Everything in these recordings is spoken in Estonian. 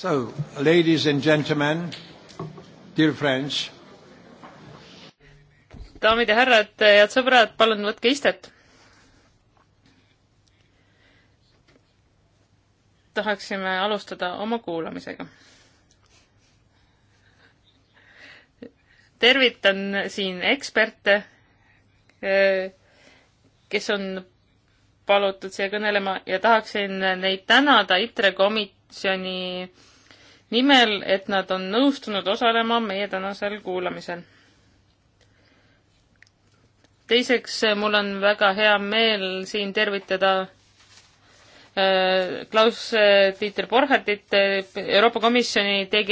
So, ladies and gentlemen, dear friends. daamid ja härrad, head sõbrad, palun võtke istet. tahaksime alustada oma kuulamisega. tervitan siin eksperte, kes on palutud siia kõnelema ja tahaksin neid tänada ITRE komisjoni nimel, et nad on nõustunud osalema meie tänasel kuulamisel. teiseks, mul on väga hea meel siin tervitada äh, Klaus-Dieter äh, Borchardit, äh, Euroopa Komisjoni DG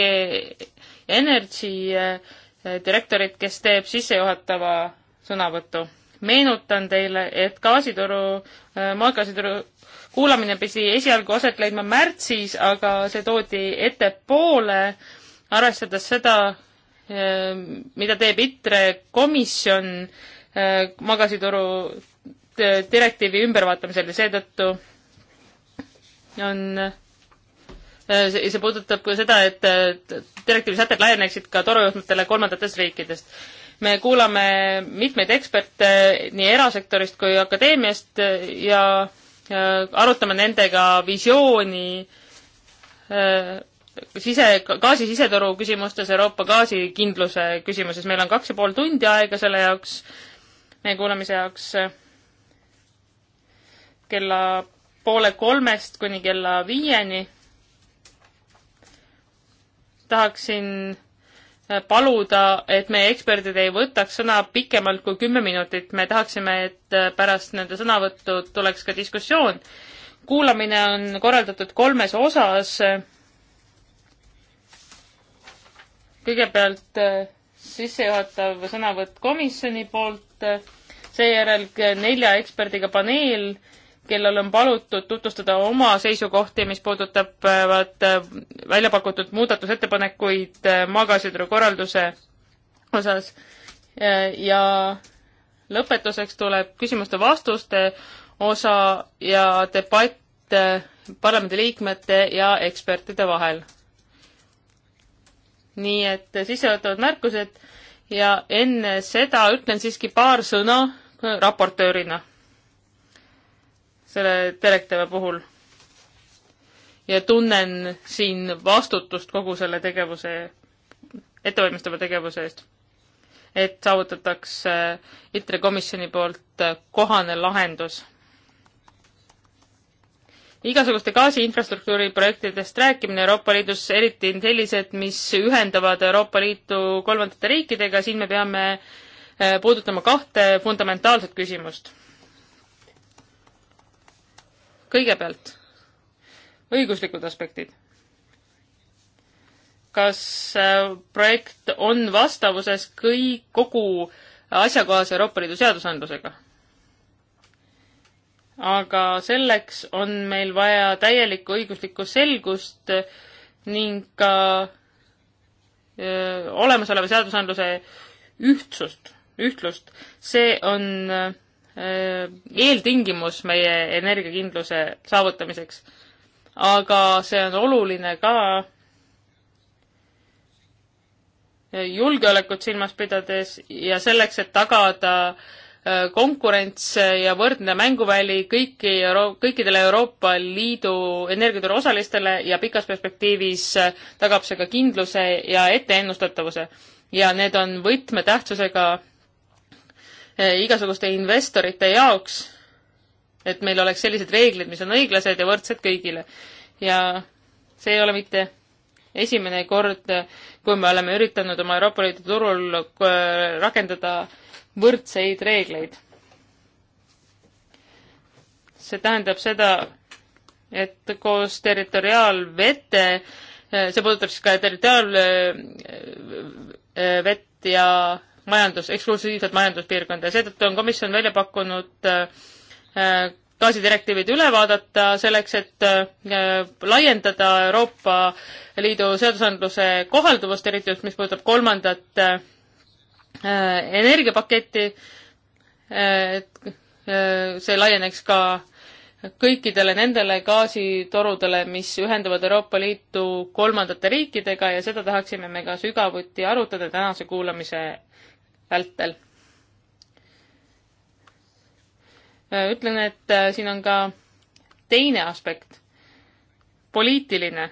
Energy direktorit, kes teeb sissejuhatava sõnavõttu. meenutan teile, et gaasitoru, maagaasitoru kuulamine pidi esialgu aset leidma märtsis, aga see toodi ettepoole, arvestades seda, ehm, mida teeb ITRE komisjon ehm, magasituru direktiivi ümbervaatamisel ja seetõttu on ehm, see puudutab ka seda, et direktiivi sätted laieneksid ka torujuhtmetele kolmandatest riikidest. me kuulame mitmeid eksperte nii erasektorist kui akadeemiast ja Äh, arutame nendega visiooni äh, sise, gaasi sisetoru küsimustes, Euroopa gaasikindluse küsimuses. meil on kaks ja pool tundi aega selle jaoks, meie kuulamise jaoks äh, kella poole kolmest kuni kella viieni. tahaksin paluda, et meie eksperdid ei võtaks sõna pikemalt kui kümme minutit, me tahaksime, et pärast nende sõnavõttu tuleks ka diskussioon. kuulamine on korraldatud kolmes osas. kõigepealt äh, sissejuhatav sõnavõtt komisjoni poolt, seejärel nelja eksperdiga paneel kellel on palutud tutvustada oma seisukohti, mis puudutavad äh, välja pakutud muudatusettepanekuid äh, maagaasituru korralduse osas. Äh, ja lõpetuseks tuleb küsimuste-vastuste osa ja debatt parlamendiliikmete ja ekspertide vahel. nii et sissejuhatavad märkused ja enne seda ütlen siiski paar sõna raportöörina selle direktiivi puhul. ja tunnen siin vastutust kogu selle tegevuse, ettevalmistava tegevuse eest. et saavutatakse äh, ITRE komisjoni poolt äh, kohane lahendus. igasuguste gaasiinfrastruktuuri projektidest rääkimine Euroopa Liidus, eriti sellised, mis ühendavad Euroopa Liitu kolmandate riikidega, siin me peame äh, puudutama kahte fundamentaalset küsimust kõigepealt õiguslikud aspektid. kas äh, projekt on vastavuses kõik, kogu asjakohase Euroopa Liidu seadusandlusega? aga selleks on meil vaja täielikku õiguslikku selgust ning ka öö, äh, olemasoleva seadusandluse ühtsust, ühtlust. see on öö, äh, Äh, eeltingimus meie energiakindluse saavutamiseks. aga see on oluline ka äh, julgeolekut silmas pidades ja selleks, et tagada äh, konkurents ja võrdne mänguväli kõiki Euro-, kõikidele Euroopa Liidu energiaturu osalistele ja pikas perspektiivis tagab see ka kindluse ja etteennustatavuse. ja need on võtmetähtsusega Eh, igasuguste investorite jaoks, et meil oleks sellised reeglid, mis on õiglased ja võrdsed kõigile. ja see ei ole mitte esimene kord, kui me oleme üritanud oma Euroopa Liidu turul eh, rakendada võrdseid reegleid. see tähendab seda, et koos territoriaalvete, eh, see puudutab siis ka territoriaalvett ja majandus, eksklusiivset majanduspiirkonda ja seetõttu on komisjon välja pakkunud äh, äh, gaasidirektiivid üle vaadata selleks, et äh, laiendada Euroopa Liidu seadusandluse kohalduvust, eriti just mis puudutab kolmandat energiapaketti, et see laieneks ka kõikidele nendele gaasitorudele, mis ühendavad Euroopa Liitu kolmandate riikidega ja seda tahaksime me ka sügavuti arutada tänase kuulamise vältel. Äh, ütlen, et äh, siin on ka teine aspekt, poliitiline,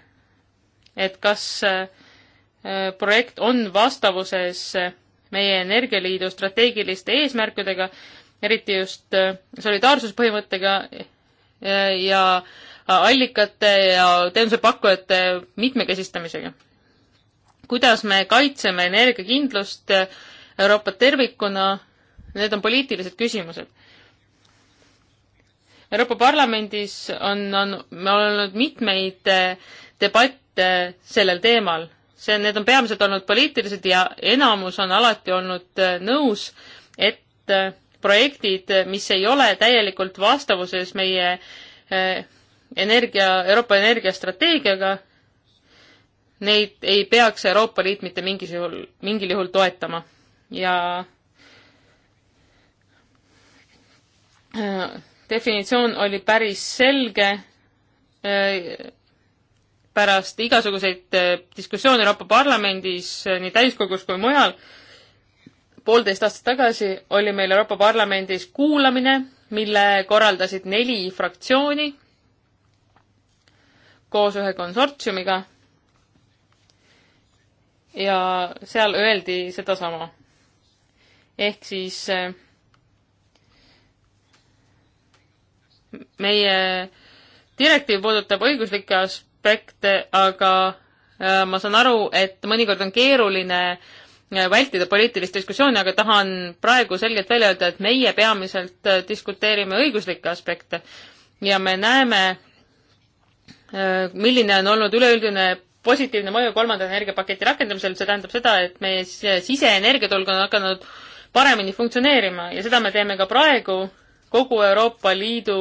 et kas äh, projekt on vastavuses meie Energialiidu strateegiliste eesmärkidega, eriti just solidaarsuspõhimõttega ja allikate ja teenusepakkujate mitmekesistamisega. kuidas me kaitseme energiakindlust Euroopat tervikuna, need on poliitilised küsimused. Euroopa Parlamendis on, on, me oleme olnud mitmeid eh, debatte sellel teemal. see, need on peamiselt olnud poliitilised ja enamus on alati olnud eh, nõus, et eh, projektid, mis ei ole täielikult vastavuses meie energia, Euroopa energiastrateegiaga, neid ei peaks Euroopa Liit mitte mingis juhul, mingil juhul toetama ja äh, definitsioon oli päris selge äh, pärast igasuguseid äh, diskussioone Euroopa Parlamendis nii täiskogus kui mujal. poolteist aastat tagasi oli meil Euroopa Parlamendis kuulamine, mille korraldasid neli fraktsiooni koos ühe konsortsiumiga. ja seal öeldi sedasama ehk siis äh, meie direktiiv puudutab õiguslikke aspekte, aga äh, ma saan aru, et mõnikord on keeruline äh, vältida poliitilist diskussiooni, aga tahan praegu selgelt välja öelda, et meie peamiselt diskuteerime õiguslikke aspekte ja me näeme, milline on olnud üleüldine positiivne mõju kolmanda energiapaketi rakendamisel, see tähendab seda, et meie siseenergiaturg on hakanud paremini funktsioneerima ja seda me teeme ka praegu kogu Euroopa Liidu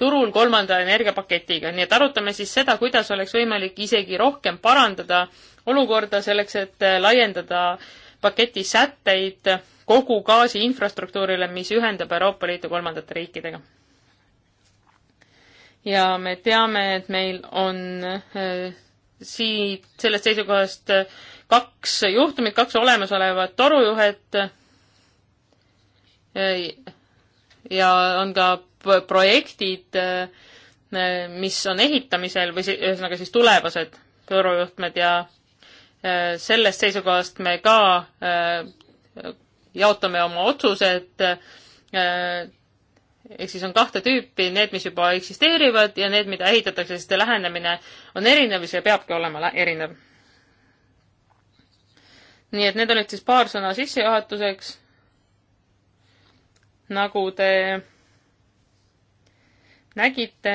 turul kolmanda energiapaketiga, nii et arutame siis seda, kuidas oleks võimalik isegi rohkem parandada olukorda selleks, et laiendada paketi sätteid kogu gaasi infrastruktuurile, mis ühendab Euroopa Liitu kolmandate riikidega. ja me teame, et meil on äh, siit, sellest seisukohast äh, kaks juhtumit, kaks olemasolevat torujuhet, ja on ka projektid, eh, mis on ehitamisel või ühesõnaga siis tulevased pöörujuhtmed ja eh, sellest seisukohast me ka eh, jaotame oma otsused. ehk siis on kahte tüüpi, need, mis juba eksisteerivad ja need, mida ehitatakse, sest lähenemine on erinev ja see peabki olema erinev. nii et need olid siis paar sõna sissejuhatuseks nagu te nägite,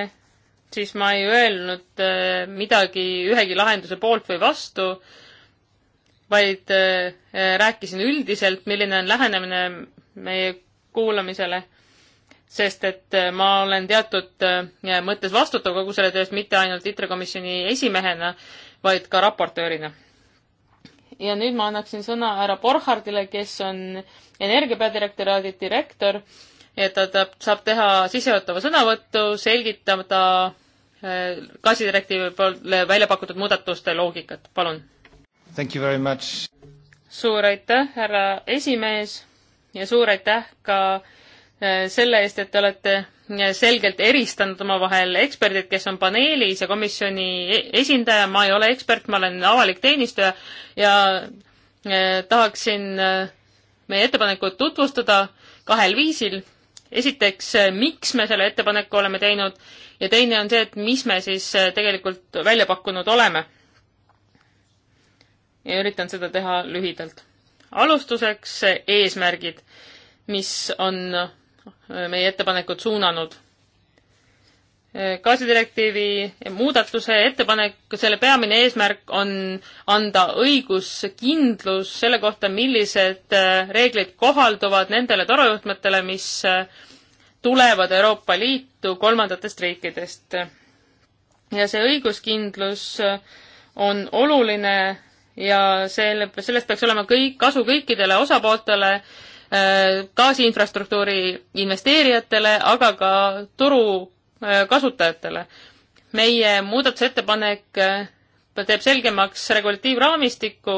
siis ma ei öelnud äh, midagi ühegi lahenduse poolt või vastu, vaid äh, rääkisin üldiselt, milline on lähenemine meie kuulamisele, sest et äh, ma olen teatud mõttes vastutav kogu selle tööst mitte ainult ITRE komisjoni esimehena, vaid ka raportöörina ja nüüd ma annaksin sõna härra Borchardile, kes on Energia peadirektoraadi direktor, et ta saab teha sissejuhatava sõnavõttu, selgitada äh, gaasidirektiivi poole välja pakutud muudatuste loogikat, palun. suur aitäh, härra esimees ja suur aitäh ka äh, selle eest, et te olete selgelt eristanud omavahel eksperdid, kes on paneelis ja komisjoni e-, esindaja, ma ei ole ekspert, ma olen avalik teenistuja ja e, tahaksin e, meie ettepanekut tutvustada kahel viisil. esiteks, miks me selle ettepaneku oleme teinud ja teine on see, et mis me siis tegelikult välja pakkunud oleme. ja üritan seda teha lühidalt. alustuseks eesmärgid, mis on meie ettepanekud suunanud. gaasidirektiivi muudatuse ettepanek, selle peamine eesmärk on anda õiguskindlus selle kohta, millised äh, reeglid kohalduvad nendele torujuhtmetele, mis äh, tulevad Euroopa Liitu kolmandatest riikidest. ja see õiguskindlus äh, on oluline ja selle, sellest peaks olema kõik, kasu kõikidele osapooltele, Äh, gaasiinfrastruktuuri investeerijatele, aga ka turu äh, kasutajatele. meie muudatusettepanek äh, teeb selgemaks regulatiivraamistikku,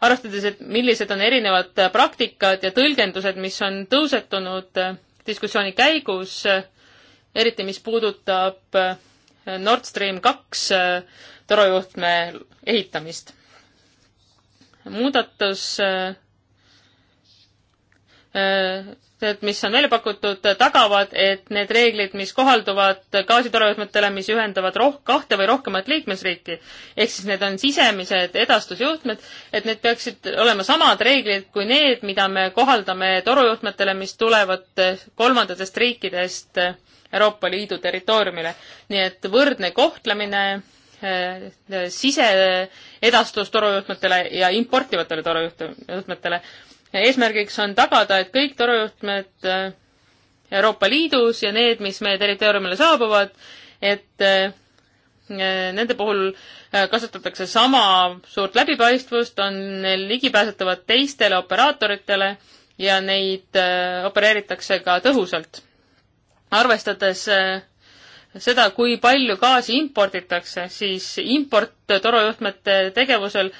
arvestades, et millised on erinevad praktikad ja tõlgendused, mis on tõusetunud diskussiooni käigus, eriti mis puudutab Nord Stream kaks torujuhtme ehitamist. muudatus et mis on välja pakutud, tagavad, et need reeglid, mis kohalduvad gaasitorujõudmetele, mis ühendavad roh-, kahte või rohkemat liikmesriiki, ehk siis need on sisemised edastusjuhtmed, et need peaksid olema samad reeglid kui need, mida me kohaldame torujuhtmetele, mis tulevad kolmandatest riikidest Euroopa Liidu territooriumile. nii et võrdne kohtlemine eh, siseedastus torujuhtmetele ja importivatele torujuhtmetele eesmärgiks on tagada, et kõik torujuhtmed äh, Euroopa Liidus ja need, mis meie territooriumile saabuvad, et äh, nende puhul äh, kasutatakse sama suurt läbipaistvust, on ligipääsetavad teistele operaatoritele ja neid opereeritakse ka tõhusalt. arvestades seda, kui palju gaasi imporditakse, siis import torujuhtmete tegevusel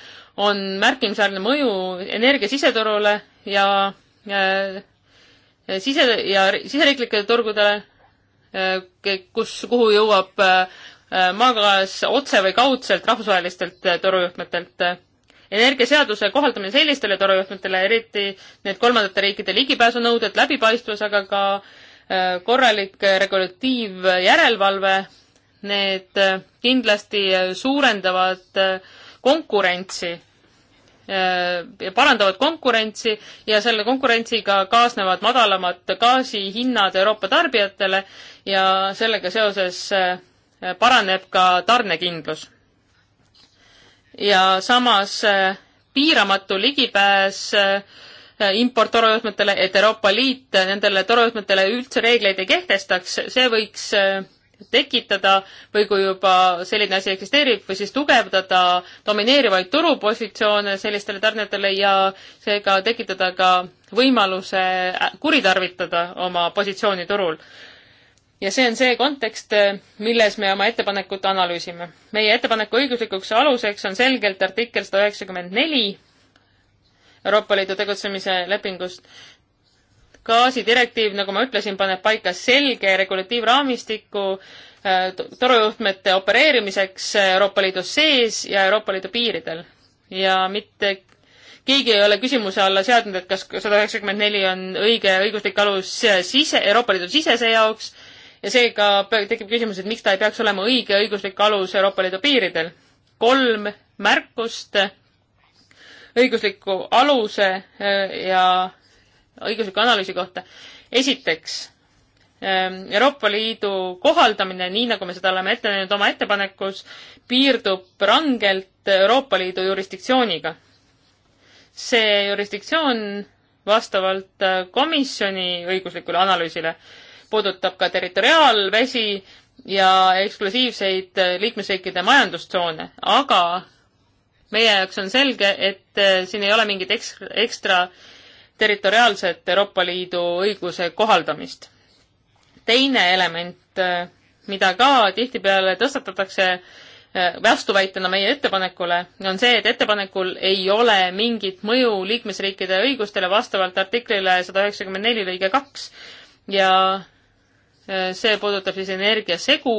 on märkimisväärne mõju energia siseturule ja, ja sise ja siseriiklikele turgudele, eh, kus, kuhu jõuab eh, maagaas otse või kaudselt rahvusvahelistelt eh, torujuhtmetelt. energiaseaduse kohaldamine sellistele torujuhtmetele, eriti need kolmandate riikide ligipääsunõuded, läbipaistvus, aga ka korralik regulatiivjärelevalve, need kindlasti suurendavad äh, konkurentsi ja äh, parandavad konkurentsi ja selle konkurentsiga kaasnevad madalamad gaasihinnad Euroopa tarbijatele ja sellega seoses äh, paraneb ka tarnekindlus. ja samas äh, piiramatu ligipääs importtorujuhtmetele, et Euroopa Liit nendele torujuhtmetele üldse reegleid ei kehtestaks, see võiks tekitada või kui juba selline asi eksisteerib või siis tugevdada domineerivaid turupositsioone sellistele tarnijatele ja seega tekitada ka võimaluse äh, kuritarvitada oma positsiooni turul. ja see on see kontekst, äh, milles me oma ettepanekut analüüsime. meie ettepaneku õiguslikuks aluseks on selgelt artikkel sada üheksakümmend neli Euroopa Liidu tegutsemise lepingust gaasidirektiiv, nagu ma ütlesin, paneb paika selge regulatiivraamistiku äh, torujuhtmete opereerimiseks Euroopa Liidu sees ja Euroopa Liidu piiridel. ja mitte keegi ei ole küsimuse alla seadnud, et kas sada üheksakümmend neli on õige õiguslik alus sise, Euroopa Liidu sisese jaoks ja seega tekib küsimus, et miks ta ei peaks olema õige õiguslik alus Euroopa Liidu piiridel. kolm märkust õigusliku aluse äh, ja õigusliku analüüsi kohta. esiteks, ähm, Euroopa Liidu kohaldamine, nii nagu me seda oleme ette näinud oma ettepanekus, piirdub rangelt Euroopa Liidu jurisdiktsiooniga. see jurisdiktsioon vastavalt äh, komisjoni õiguslikule analüüsile puudutab ka territoriaalvesi ja eksklusiivseid äh, liikmesriikide majandustsoone, aga meie jaoks on selge, et äh, siin ei ole mingit ekstra, ekstra territoriaalset Euroopa Liidu õiguse kohaldamist. teine element, äh, mida ka tihtipeale tõstatatakse äh, vastuväitena meie ettepanekule, on see, et ettepanekul ei ole mingit mõju liikmesriikide õigustele vastavalt artiklile sada üheksakümmend neli lõige kaks ja äh, see puudutab siis energiasegu,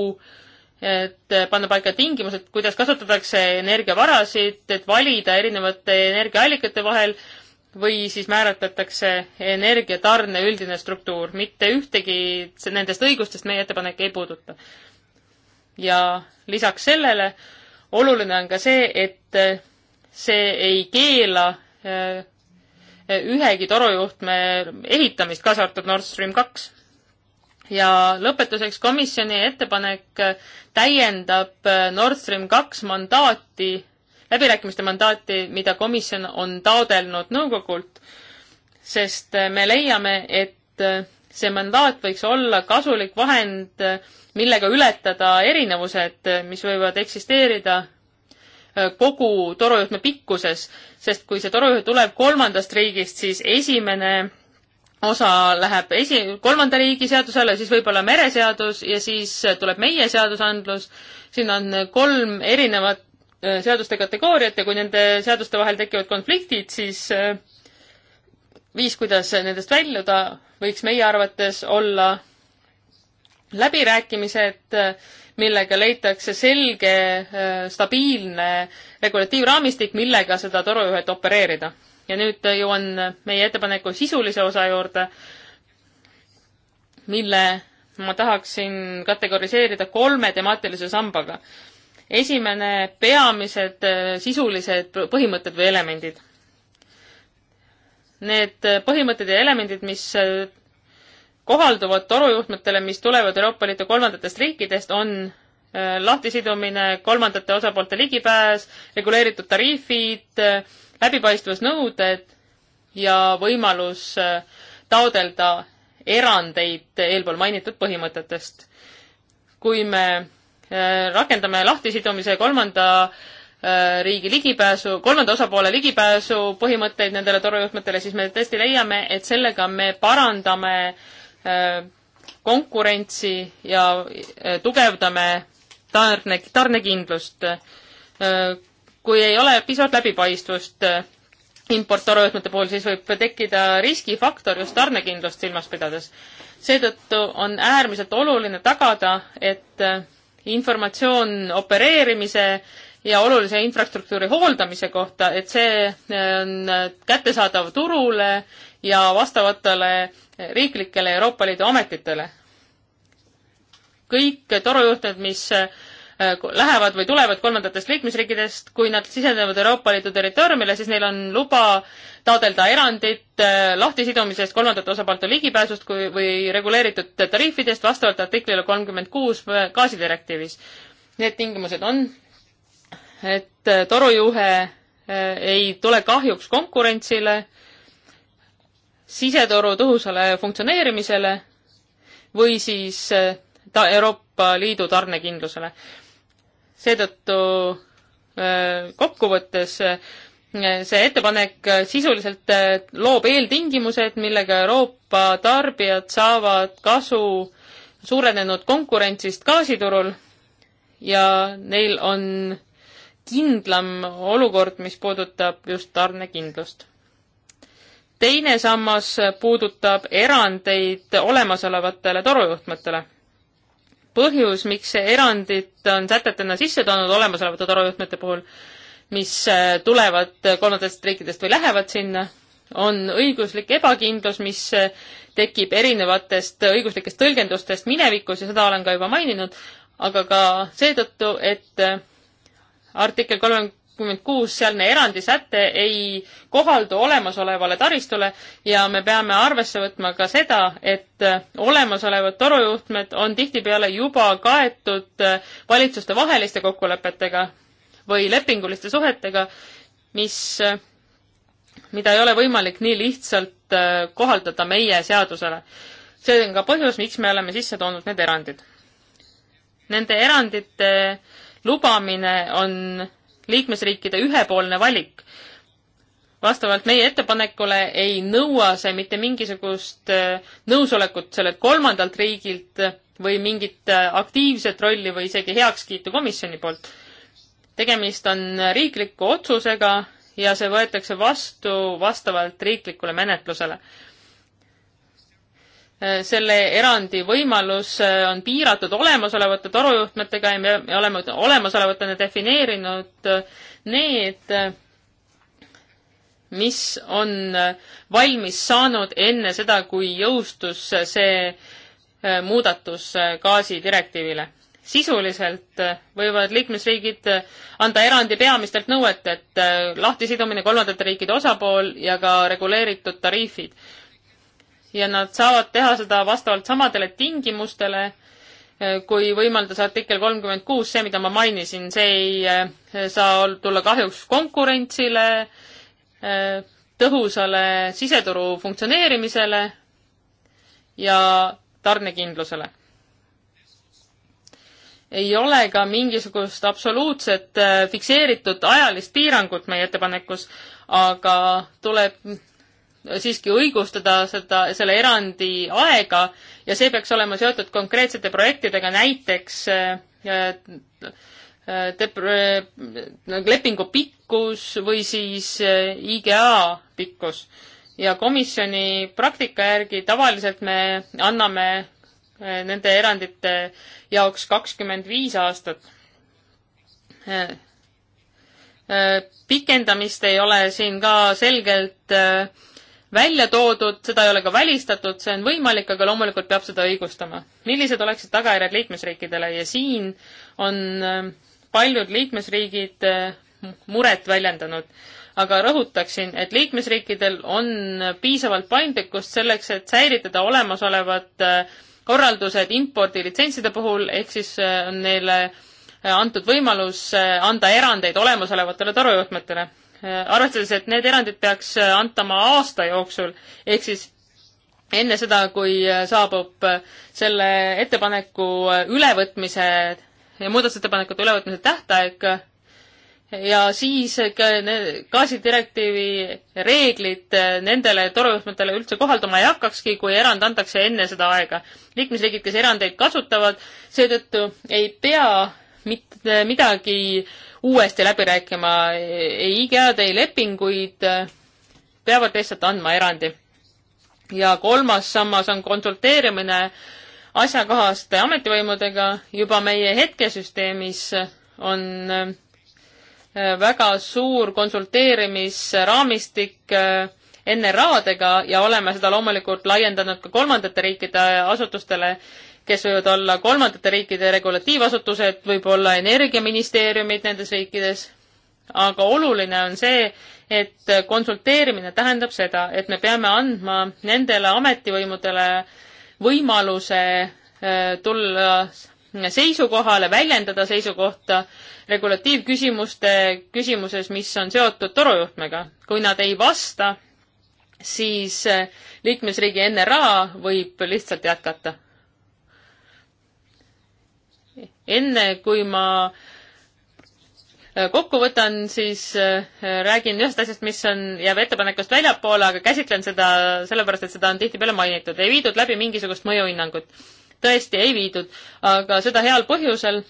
et panna paika tingimused, kuidas kasutatakse energiavarasid, et valida erinevate energiaallikate vahel või siis määratletakse energiatarne üldine struktuur. mitte ühtegi nendest õigustest meie ettepanek ei puuduta. ja lisaks sellele oluline on ka see, et see ei keela äh, ühegi torujuhtme ehitamist, kaasa arvatud Nord Stream kaks. ja lõpetuseks komisjoni ettepanek täiendab Nord Stream kaks mandaati läbirääkimiste mandaati, mida komisjon on taodelnud nõukogult, sest me leiame, et see mandaat võiks olla kasulik vahend, millega ületada erinevused, mis võivad eksisteerida kogu torujuhtme pikkuses, sest kui see torujuht tuleb kolmandast riigist, siis esimene osa läheb esi, kolmanda riigi seaduse alla, siis võib-olla mereseadus ja siis tuleb meie seadusandlus. siin on kolm erinevat Äh, seaduste kategooriat ja kui nende seaduste vahel tekivad konfliktid, siis äh, viis, kuidas nendest väljuda, võiks meie arvates olla läbirääkimised, äh, millega leitakse selge, stabiilne regulatiivraamistik, millega seda torujuhet opereerida. ja nüüd jõuan meie ettepaneku sisulise osa juurde, mille ma tahaksin kategoriseerida kolme temaatilise sambaga esimene, peamised äh, sisulised põhimõtted või elemendid. Need äh, põhimõtted ja elemendid, mis äh, kohalduvad torujuhtmetele, mis tulevad Euroopa Liidu kolmandatest riikidest, on lahtisidumine, kolmandate osapoolte ligipääs, reguleeritud tariifid, läbipaistvusnõuded ja võimalus taodelda erandeid eelpool mainitud põhimõtetest. kui me Äh, rakendame lahtisidumise kolmanda äh, riigi ligipääsu, kolmanda osapoole ligipääsu põhimõtteid nendele torujuhtmetele, siis me tõesti leiame, et sellega me parandame äh, konkurentsi ja tugevdame tarne, tarnekindlust. kui ei ole piisavalt läbipaistvust importtorujuhtmete puhul, siis võib tekkida riskifaktor just tarnekindlust silmas pidades. seetõttu on äärmiselt oluline tagada, et informatsioon opereerimise ja olulise infrastruktuuri hooldamise kohta, et see eh, on kättesaadav turule ja vastavatele eh, riiklikele Euroopa Liidu ametitele. kõik torujuhtmed, mis eh, Äh, lähevad või tulevad kolmandatest liikmesriikidest, kui nad sisenevad Euroopa Liidu territooriumile, siis neil on luba taotleda erandit äh, lahtisidumisest, kolmandate osapoolte ligipääsust kui, või reguleeritud tariifidest vastavalt artiklile kolmkümmend kuus äh, gaasidirektiivis. Need tingimused on, et torujuhe ei tule kahjuks konkurentsile, sisetoru tõhusale funktsioneerimisele või siis ta Euroopa Liidu tarnekindlusele seetõttu äh, kokkuvõttes äh, see ettepanek äh, sisuliselt loob eeltingimused, millega Euroopa tarbijad saavad kasu suurenenud konkurentsist gaasiturul ja neil on kindlam olukord, mis puudutab just tarnekindlust. teine sammas puudutab erandeid olemasolevatele torujuhtmetele põhjus, miks see erandit on sätetena sisse toonud olemasolevate torujuhtmete puhul, mis äh, tulevad kolmandatest riikidest või lähevad sinna, on õiguslik ebakindlus, mis äh, tekib erinevatest õiguslikest tõlgendustest minevikus ja seda olen ka juba maininud, aga ka seetõttu, et äh, artikkel kolmkümmend kakskümmend kuus, sealne erandisäte ei kohaldu olemasolevale taristule ja me peame arvesse võtma ka seda, et äh, olemasolevad torujuhtmed on tihtipeale juba kaetud äh, valitsuste vaheliste kokkulepetega või lepinguliste suhetega, mis, äh, mida ei ole võimalik nii lihtsalt kohaldada meie seadusele. see on ka põhjus, miks me oleme sisse toonud need erandid. Nende erandite lubamine on liikmesriikide ühepoolne valik. vastavalt meie ettepanekule ei nõua see mitte mingisugust äh, nõusolekut sellelt kolmandalt riigilt või mingit äh, aktiivset rolli või isegi heakskiitu komisjoni poolt. tegemist on riikliku otsusega ja see võetakse vastu vastavalt riiklikule menetlusele Äh, selle erandi võimalus äh, on piiratud olemasolevate torujuhtmetega ja me, me oleme olemasolevatena defineerinud äh, need, mis on valmis saanud enne seda, kui jõustus see muudatus gaasidirektiivile. sisuliselt võivad liikmesriigid anda erandi peamistelt nõuetelt lahtisidumine kolmandate riikide osapool ja ka reguleeritud tariifid ja nad saavad teha seda vastavalt samadele tingimustele, eh, kui võimaldas artikkel kolmkümmend kuus, see, mida ma mainisin, see ei eh, saa tulla kahjuks konkurentsile, eh, tõhusale siseturu funktsioneerimisele ja tarnekindlusele ei ole ka mingisugust absoluutset fikseeritud ajalist piirangut meie ettepanekus, aga tuleb siiski õigustada seda, selle erandi aega ja see peaks olema seotud konkreetsete projektidega, näiteks äh, äh, äh, lepingu pikkus või siis IGA pikkus. ja komisjoni praktika järgi tavaliselt me anname nende erandite jaoks kakskümmend viis aastat pikendamist ei ole siin ka selgelt välja toodud, seda ei ole ka välistatud, see on võimalik, aga loomulikult peab seda õigustama. millised oleksid tagajärjed liikmesriikidele ja siin on äh, paljud liikmesriigid äh, muret väljendanud. aga rõhutaksin, et liikmesriikidel on piisavalt paindlikkust selleks, et säilitada olemasolevad äh, korraldused impordilitsentside puhul, ehk siis on neile antud võimalus anda erandeid olemasolevatele torujuhtmetele arvestades, et need erandid peaks äh, antama aasta jooksul, ehk siis enne seda, kui äh, saabub äh, selle ettepaneku ülevõtmise ja muudatusettepanekute ülevõtmise tähtaeg ja siis gaasidirektiivi reeglid nendele torujõhtmetele üldse kohalduma ei hakkakski, kui erand antakse enne seda aega. liikmesriigid, kes erandeid kasutavad, seetõttu ei pea mitte midagi äh, uuesti läbi rääkima ei IGA-d, ei lepinguid, peavad lihtsalt andma erandi. ja kolmas sammas on konsulteerimine asjakohaste ametivõimudega, juba meie hetkesüsteemis on äh, väga suur konsulteerimisraamistik äh, NRA-dega ja oleme seda loomulikult laiendanud ka kolmandate riikide asutustele kes võivad olla kolmandate riikide regulatiivasutused, võib-olla energiaministeeriumid nendes riikides, aga oluline on see, et konsulteerimine tähendab seda, et me peame andma nendele ametivõimudele võimaluse äh, tulla seisukohale, väljendada seisukohta regulatiivküsimuste küsimuses, mis on seotud torujuhtmega. kui nad ei vasta, siis äh, liikmesriigi NRA võib lihtsalt jätkata enne kui ma äh, kokku võtan, siis äh, räägin ühest asjast, mis on, jääb ettepanekust väljapoole, aga käsitlen seda sellepärast, et seda on tihtipeale mainitud. ei viidud läbi mingisugust mõjuhinnangut. tõesti ei viidud, aga seda heal põhjusel.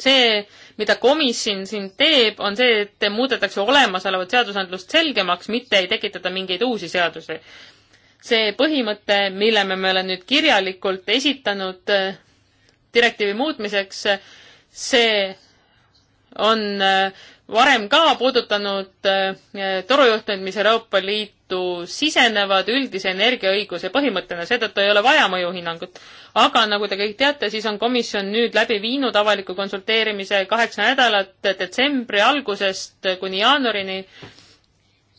see, mida komisjon siin teeb, on see, et muudetakse olemasolevat seadusandlust selgemaks, mitte ei tekitata mingeid uusi seadusi. see põhimõte, mille me, me oleme nüüd kirjalikult esitanud, äh, direktiivi muutmiseks, see on äh, varem ka puudutanud äh, torujuhtmeid, mis Euroopa Liitu sisenevad üldise energiaõiguse põhimõttena, seetõttu ei ole vaja mõjuhinnangut. aga nagu te kõik teate, siis on komisjon nüüd läbi viinud avaliku konsulteerimise kaheksa nädalat detsembri algusest kuni jaanuarini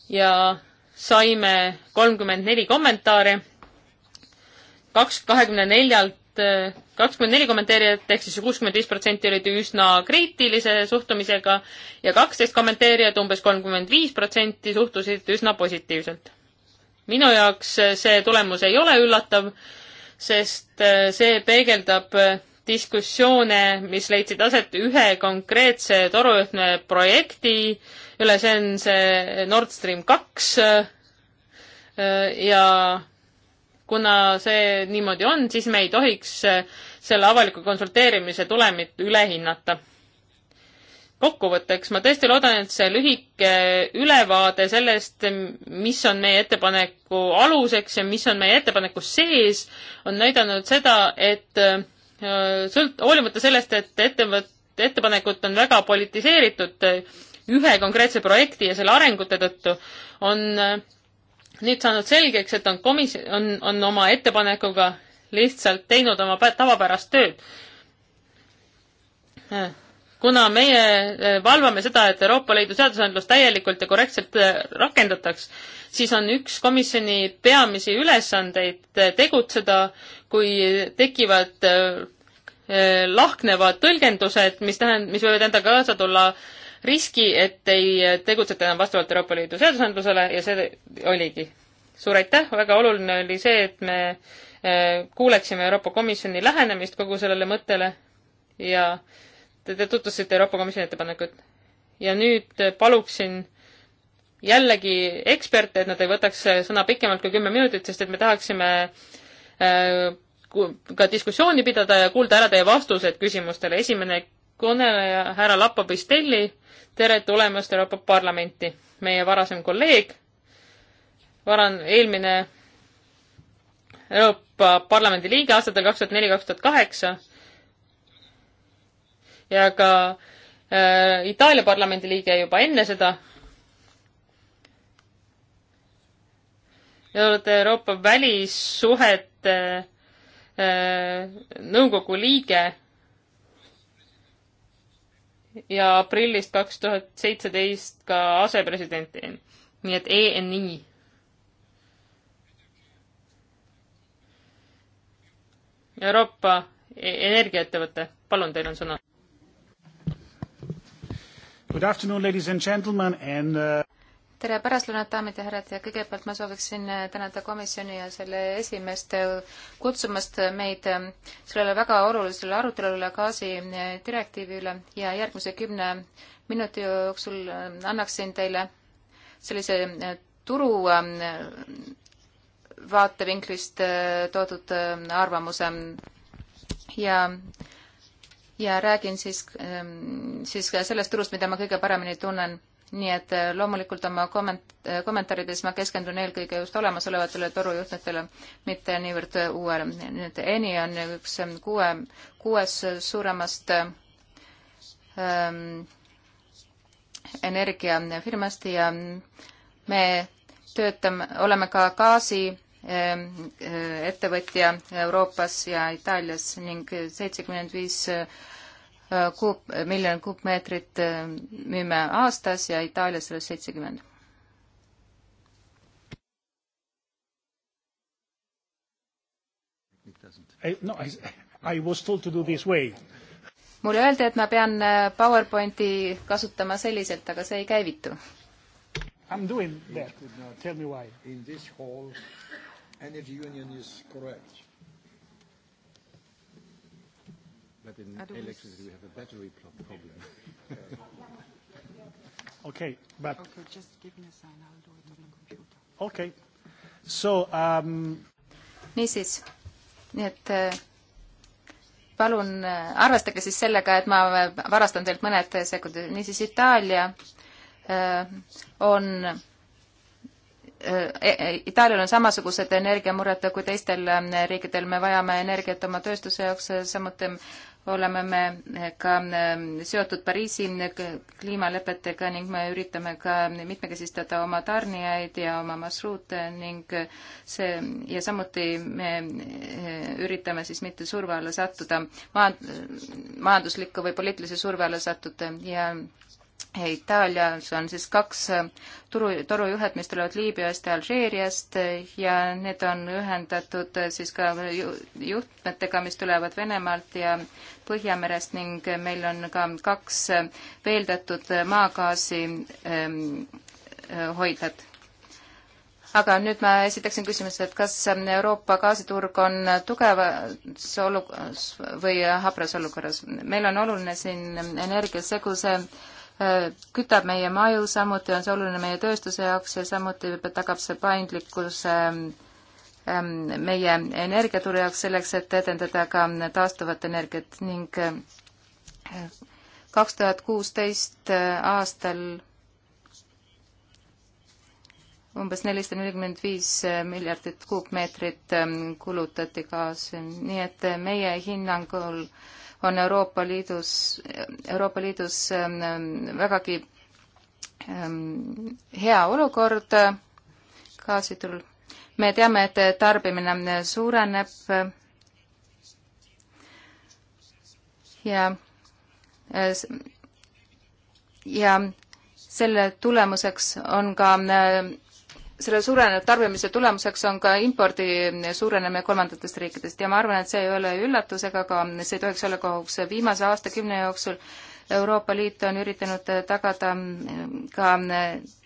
ja saime kolmkümmend neli kommentaari kaks, kahekümne neljalt Eh, kakskümmend neli kommenteerijat ehk siis kuuskümmend viis protsenti olid üsna kriitilise suhtumisega ja kaksteist kommenteerijat umbes, umbes kolmkümmend viis protsenti suhtusid üsna positiivselt. minu jaoks eh, see tulemus ei ole üllatav, sest eh, see peegeldab diskussioone, mis leidsid aset ühe konkreetse torujuhtme projekti üle, see on see Nord Stream kaks ja kuna see niimoodi on, siis me ei tohiks äh, selle avaliku konsulteerimise tulemit üle hinnata. kokkuvõtteks ma tõesti loodan, et see lühike äh, ülevaade sellest, mis on meie ettepaneku aluseks ja mis on meie ettepaneku sees, on näidanud seda, et äh, sõlt-, hoolimata sellest, et ettevõt-, ettepanekud on väga politiseeritud ühe konkreetse projekti ja selle arengute tõttu, on nüüd saanud selgeks, et on komis-, on, on oma ettepanekuga lihtsalt teinud oma tavapärast tööd. kuna meie eh, valvame seda, et Euroopa Liidu seadusandlus täielikult ja korrektselt eh, rakendataks, siis on üks komisjoni peamisi ülesandeid eh, tegutseda, kui tekivad lahknevad tõlgendused, mis tähend-, mis võivad endaga kaasa tulla riski, et ei tegutseta enam vastavalt Euroopa Liidu seadusandlusele ja see oligi. suur aitäh, väga oluline oli see, et me eh, kuuleksime Euroopa Komisjoni lähenemist kogu sellele mõttele ja te, te tutvustasite Euroopa Komisjoni ettepanekut. ja nüüd paluksin jällegi eksperte, et nad ei võtaks sõna pikemalt kui kümme minutit, sest et me tahaksime äh, ka diskussiooni pidada ja kuulda ära teie vastused küsimustele. esimene kõneleja, härra Lappa Pistelli tere tulemast Euroopa Parlamenti, meie varasem kolleeg, varan eelmine Euroopa Parlamendi liige aastatel kaks tuhat neli, kaks tuhat kaheksa ja ka äh, Itaalia parlamendi liige juba enne seda. Te olete Euroopa välissuhete äh, nõukogu liige ja aprillist kaks tuhat seitseteist ka asepresidenti. nii et ENI. Euroopa Energiaettevõte, palun, teil on sõna. Good afternoon, ladies and gentlemen and uh tere pärastlõunat, daamid ja härrad ja kõigepealt ma sooviksin äh, tänada komisjoni ja selle esimeest äh, kutsumast meid äh, sellele väga olulisele arutelule gaasi direktiivi üle ja järgmise kümne minuti jooksul annaksin teile sellise turu vaatevinklist toodud arvamuse ja ja räägin siis, siis sellest turust, mida ma kõige paremini tunnen nii et äh, loomulikult oma komment-, äh, kommentaarides ma keskendun eelkõige just olemasolevatele torujuhtmetele, mitte niivõrd äh, uuele. nii et ENI on üks ähm, kuue, kuues suuremast ähm, energiafirmast ja ähm, me töötame, oleme ka gaasi ähm, ettevõtja Euroopas ja Itaalias ning seitsekümmend viis kuup, miljon kuupmeetrit äh, müüme aastas ja Itaalias sellest seitsekümmend. No, I, I was told to do this way. mulle öeldi, et ma pean äh, PowerPointi kasutama selliselt, aga see ei käivitu. I am doing that, tell me why. In this hall energy union is correct But in electricity, we have a battery problem. okay, but. Okay, just give me a sign. I'll do it on the computer. Okay. So um.... niisiis, nii et äh, palun äh, arvestage siis sellega, et ma äh, varastan teilt mõned sekundid. niisiis, Itaalia on e, e, Itaalial on samasugused energiamured kui teistel riikidel, me vajame energiat oma tööstuse jaoks, samuti oleme me ka ähm, seotud Pariisi kliimalepetega ning me üritame ka mitmekesistada oma tarnijaid ja oma marsruute ning see ja samuti me äh, üritame siis mitte surve alla sattuda, majanduslikku või poliitilise surve alla sattuda ja Itaalias on siis kaks äh, turu, torujuhet, mis tulevad Liibüast ja Alžeeriast äh, ja need on ühendatud äh, siis ka juhtmetega, mis tulevad Venemaalt ja Põhjamerest ning meil on ka kaks veeldatud maagaasi ähm, hoidlat. aga nüüd ma esitaksin küsimuse, et kas ähm, Euroopa gaasiturg on tugevas olu- või habras olukorras? meil on oluline siin ähm, energiaseguse äh, kütab meie maju, samuti on see oluline meie tööstuse jaoks ja samuti tagab see paindlikkuse ähm, ähm, meie energiaturu jaoks selleks, et edendada ka taastuvat energiat ning äh, kaks tuhat kuusteist äh, aastal umbes nelisada nelikümmend viis äh, miljardit kuupmeetrit ähm, kulutati gaasi, nii et meie hinnangul äh, on Euroopa Liidus, Euroopa Liidus ähm, ähm, vägagi ähm, hea olukord äh, gaasiturul. me teame, et tarbimine äh, suureneb äh, ja ja selle tulemuseks on ka selle suurenenud tarbimise tulemuseks on ka impordi suurenemine kolmandatest riikidest ja ma arvan, et see ei ole üllatus ega ka see ei tohiks olla kohuks. viimase aastakümne jooksul Euroopa Liit on üritanud tagada ka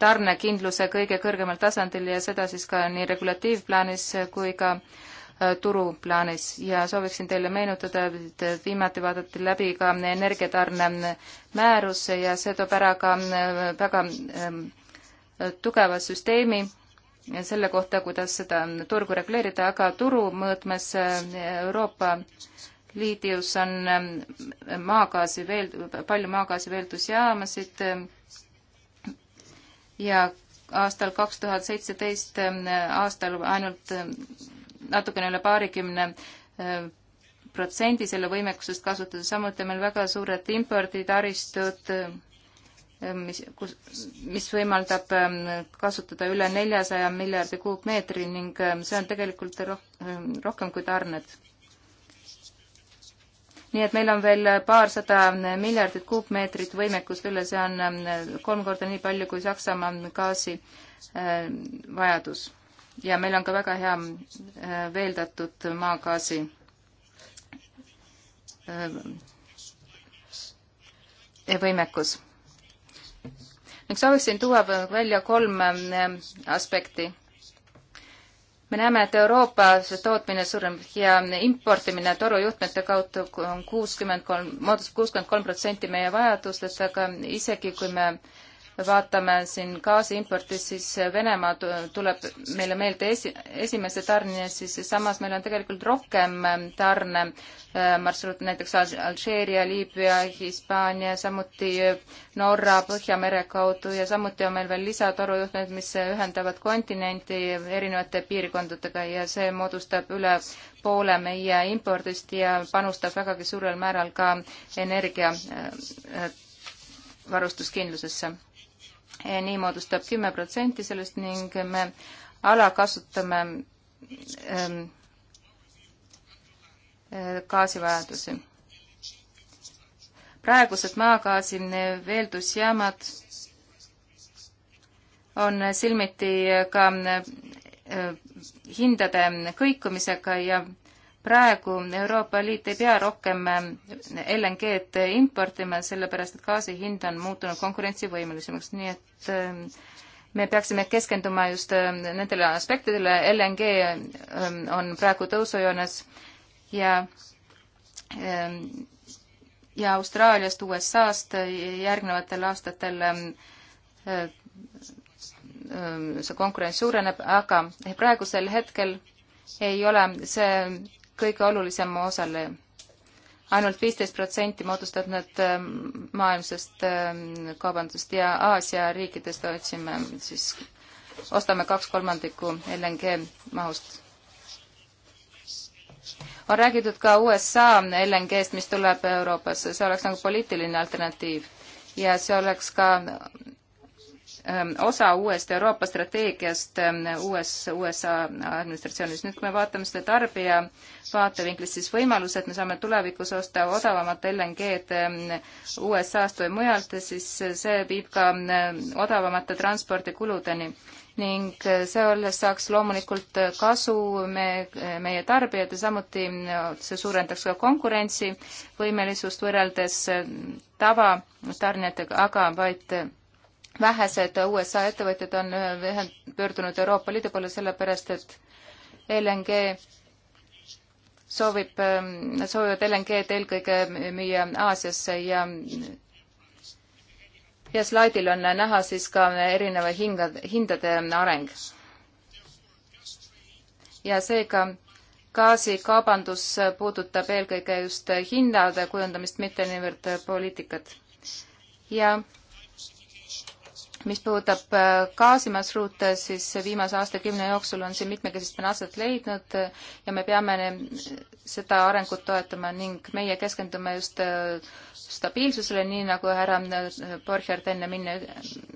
tarnekindluse kõige kõrgemal tasandil ja seda siis ka nii regulatiivplaanis kui ka äh, turuplaanis ja sooviksin teile meenutada, et viimati vaadati läbi ka energiatarne määrus ja see toob ära ka äh, väga ähm, tugeva süsteemi selle kohta, kuidas seda turgu reguleerida, aga turumõõtmes äh, Euroopa Liidus on äh, maagaasi veel, palju maagaasi veeldusjaamasid äh, ja aastal kaks tuhat seitseteist aastal ainult natukene üle paarikümne protsendi selle võimekusest kasutada, samuti on meil väga suured imporditaristud Ehm, mis, kus, mis võimaldab ehm, kasutada üle neljasaja miljardi kuupmeetri ning ehm, see on tegelikult roh-, rohkem kui tarned. nii et meil on veel paarsada miljardit kuupmeetrit võimekust üle, see on kolm korda nii palju kui Saksamaa gaasi vajadus. ja meil on ka väga hea veeldatud maagaasi võimekus ning sooviksin tuua välja kolm ähm, aspekti. me näeme, et Euroopas tootmine sureb ja importimine torujuhtmete kaudu on kuuskümmend kolm, moodustab kuuskümmend kolm protsenti meie vajadustest, aga isegi kui me vaatame siin gaasiimportist, siis Venemaa tuleb meile meelde esi, esimese tarnija, siis samas meil on tegelikult rohkem ähm, tarne äh, marsruut, näiteks Alžeeria, Liibüa, Hispaania, samuti äh, Norra, Põhjamere kaudu ja samuti on meil veel lisatorujuhtmed, mis ühendavad kontinenti erinevate piirkondadega ja see moodustab üle poole meie impordist ja panustab vägagi suurel määral ka energia äh, varustuskindlusesse Eh, nii moodustab kümme protsenti sellest ning me alakasutame ähm, gaasivajadusi. praegused maagaasi veeldusjaamad on silmiti ka eh, hindade kõikumisega ja praegu Euroopa Liit ei pea rohkem LNG-d importima, sellepärast et gaasi hind on muutunud konkurentsivõimelisemaks, nii et ähm, me peaksime keskenduma just ähm, nendele aspektidele, LNG ähm, on praegu tõusujoones ja ja Austraaliast, USA-st järgnevatel aastatel see konkurents suureneb, aga praegusel hetkel ei ole see kõige olulisema osale ainult viisteist protsenti moodustavad nad ähm, maailmsest ähm, kaubandust ja Aasia riikidest otsime siis, ostame kaks kolmandikku LNG mahust. on räägitud ka USA LNG-st, mis tuleb Euroopasse, see oleks nagu poliitiline alternatiiv ja see oleks ka Ähm, osa uuest Euroopa strateegiast ähm, uues USA administratsioonis. nüüd, kui me vaatame seda tarbija vaatevinklist, siis võimalused, me saame tulevikus osta odavamat LNG-d ähm, USA-st või mujalt, siis see viib ka odavamate transpordikuludeni ning äh, selles saaks loomulikult kasu me, äh, meie tarbijad ja samuti äh, see suurendaks ka konkurentsivõimelisust võrreldes tavatarnijatega, aga vaid vähesed USA ettevõtjad on pöördunud Euroopa Liidu poole sellepärast, et LNG soovib, ähm, soovivad LNG-d eelkõige müüa Aasiasse ja ja slaidil on näha siis ka erineva hinga, hindade areng. ja seega gaasikaubandus puudutab eelkõige just hindade kujundamist, mitte niivõrd poliitikat. ja mis puudutab äh, gaasimasruute, siis viimase aastakümne jooksul on siin mitmekesistamine aset leidnud äh, ja me peame äh, seda arengut toetama ning meie keskendume just stabiilsusele, nii nagu härra Borchardt enne minna,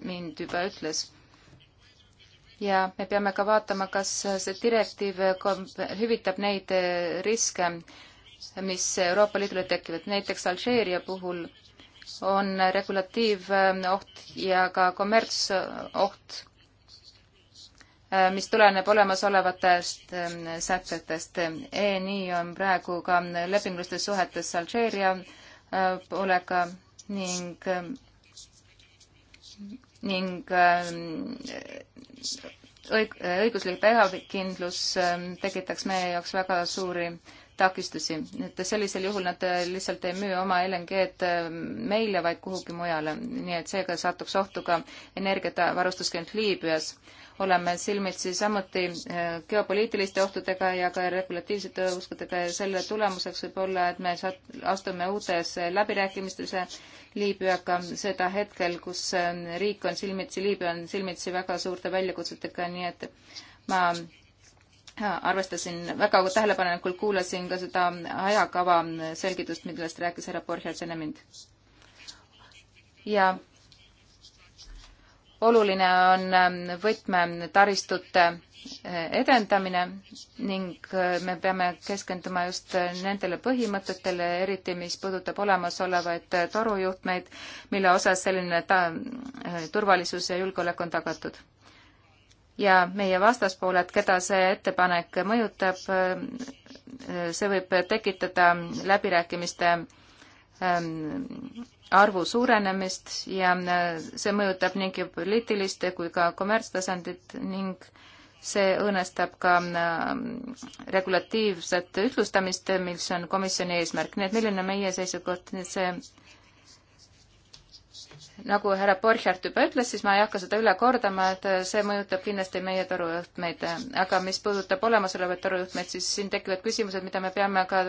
mind juba ütles. ja me peame ka vaatama, kas see direktiiv hüvitab neid riske, mis Euroopa Liidule tekivad, näiteks Alžeeria puhul on regulatiivoht äh, ja ka kommertsoht, äh, äh, mis tuleneb olemasolevatest sätetest e. nii on praegu ka lepingulistes suhetes Alžeeria poolega ning ning õig-, õiguslik ebakindlus tekitaks meie jaoks väga suuri äh, takistusi, et sellisel juhul nad äh, lihtsalt ei müü oma LNG-d äh, meile, vaid kuhugi mujale, nii et seega satuks ohtu ka energiat varustuskond Liibüas. oleme silmitsi samuti äh, geopoliitiliste ohtudega ja ka regulatiivsete uskudega ja selle tulemuseks võib olla, et me astume uutesse läbirääkimistesse Liibüaga seda hetkel, kus riik on silmitsi, Liibüa on silmitsi väga suurte väljakutsetega, nii et ma arvestasin, väga tähelepanelikult kuulasin ka seda ajakava selgitust, millest rääkis härra Borchert enne mind. ja oluline on ähm, võtmetaristute äh, edendamine ning äh, me peame keskenduma just äh, nendele põhimõtetele, eriti mis puudutab olemasolevaid torujuhtmeid, mille osas selline ta-, turvalisus ja julgeolek on tagatud ja meie vastaspooled, keda see ettepanek mõjutab, see võib tekitada läbirääkimiste ähm, arvu suurenemist ja äh, see mõjutab nii poliitilist kui ka kommertstasandit ning see õõnestab ka äh, regulatiivset ühtlustamist, mis on komisjoni eesmärk. nii et milline on meie seisukoht, see nagu härra Borchardt juba ütles, siis ma ei hakka seda üle kordama, et see mõjutab kindlasti meie torujuhtmeid, aga mis puudutab olemasolevaid torujuhtmeid, siis siin tekivad küsimused, mida me peame ka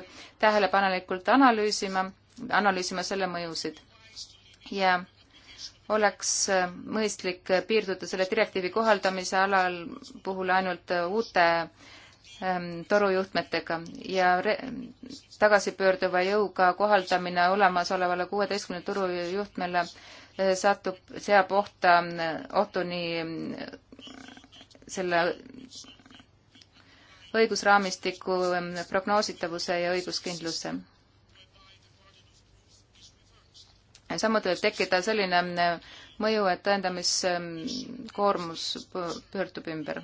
tähelepanelikult analüüsima, analüüsima selle mõjusid. ja oleks mõistlik piirduda selle direktiivi kohaldamise alal puhul ainult uute ähm, torujuhtmetega ja tagasipöörduva jõuga kohaldamine olemasolevale kuueteistkümnele torujuhtmele satub, seab ohta, ohtu nii selle õigusraamistiku prognoositavuse ja õiguskindluse. samuti võib tekkida selline mõju, et tõendamiskoormus pöördub ümber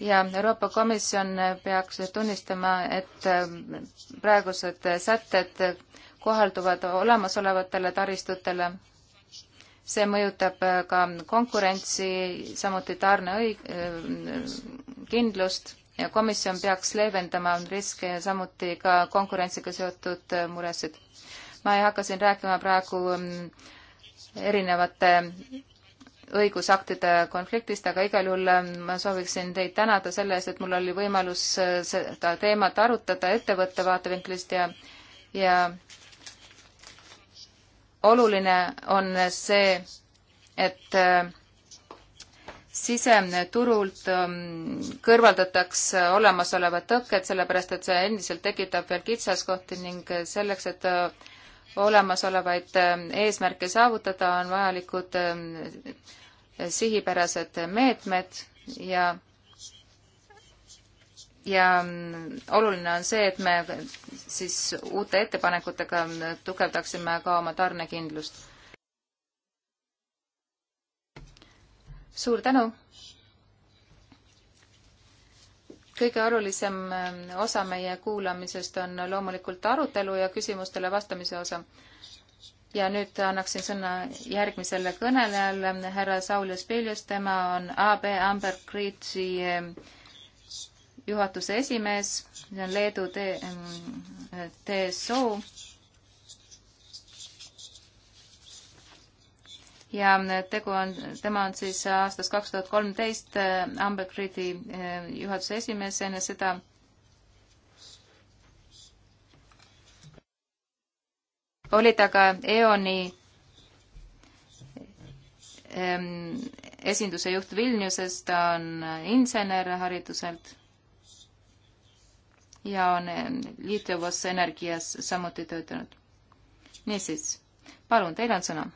ja Euroopa Komisjon peaks tunnistama, et äh, praegused sätted kohalduvad olemasolevatele taristutele. see mõjutab äh, ka konkurentsi, samuti tarneõig-, äh, kindlust ja komisjon peaks leevendama riske ja samuti ka konkurentsiga seotud muresid. ma ei hakka siin rääkima praegu mm, erinevate õigusaktide konfliktist, aga igal juhul ähm, ma sooviksin teid tänada selle eest, et mul oli võimalus äh, seda teemat arutada ettevõtte vaatevinklist ja, ja oluline on see, et äh, siseturult ähm, kõrvaldatakse olemasolevad tõkked, sellepärast et see endiselt tekitab veel kitsaskohti ning äh, selleks, et olemasolevaid ähm, eesmärke saavutada, on vajalikud ähm, sihipärased meetmed ja ja ähm, oluline on see, et me siis uute ettepanekutega tugevdaksime ka oma tarnekindlust. suur tänu kõige olulisem äh, osa meie kuulamisest on loomulikult arutelu ja küsimustele vastamise osa. ja nüüd annaksin sõna järgmisele kõnelejale, härra Saul Jaspiljas, tema on AB Amber Creed'i äh, juhatuse esimees, see on Leedu TSO ja tegu on, tema on siis aastast kaks tuhat kolmteist äh, Ambergridi äh, juhatuse esimees, enne seda oli ta ka EON-i ähm, esinduse juht Vilniuses, ta on insener hariduselt ja on ähm, Lietuvas Energias samuti töötanud. niisiis, palun, teil on sõna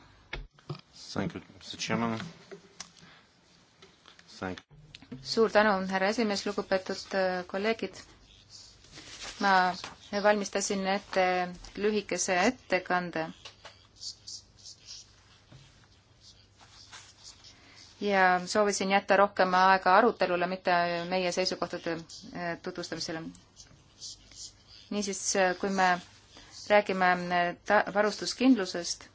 Thank you, Mr Chairman. Thank you. suur tänu, härra esimees, lugupeetud äh, kolleegid. ma valmistasin ette lühikese ettekande. ja soovisin jätta rohkem aega arutelule, mitte meie seisukohtade äh, tutvustamisele. niisiis, äh, kui me räägime ta-, varustuskindlusest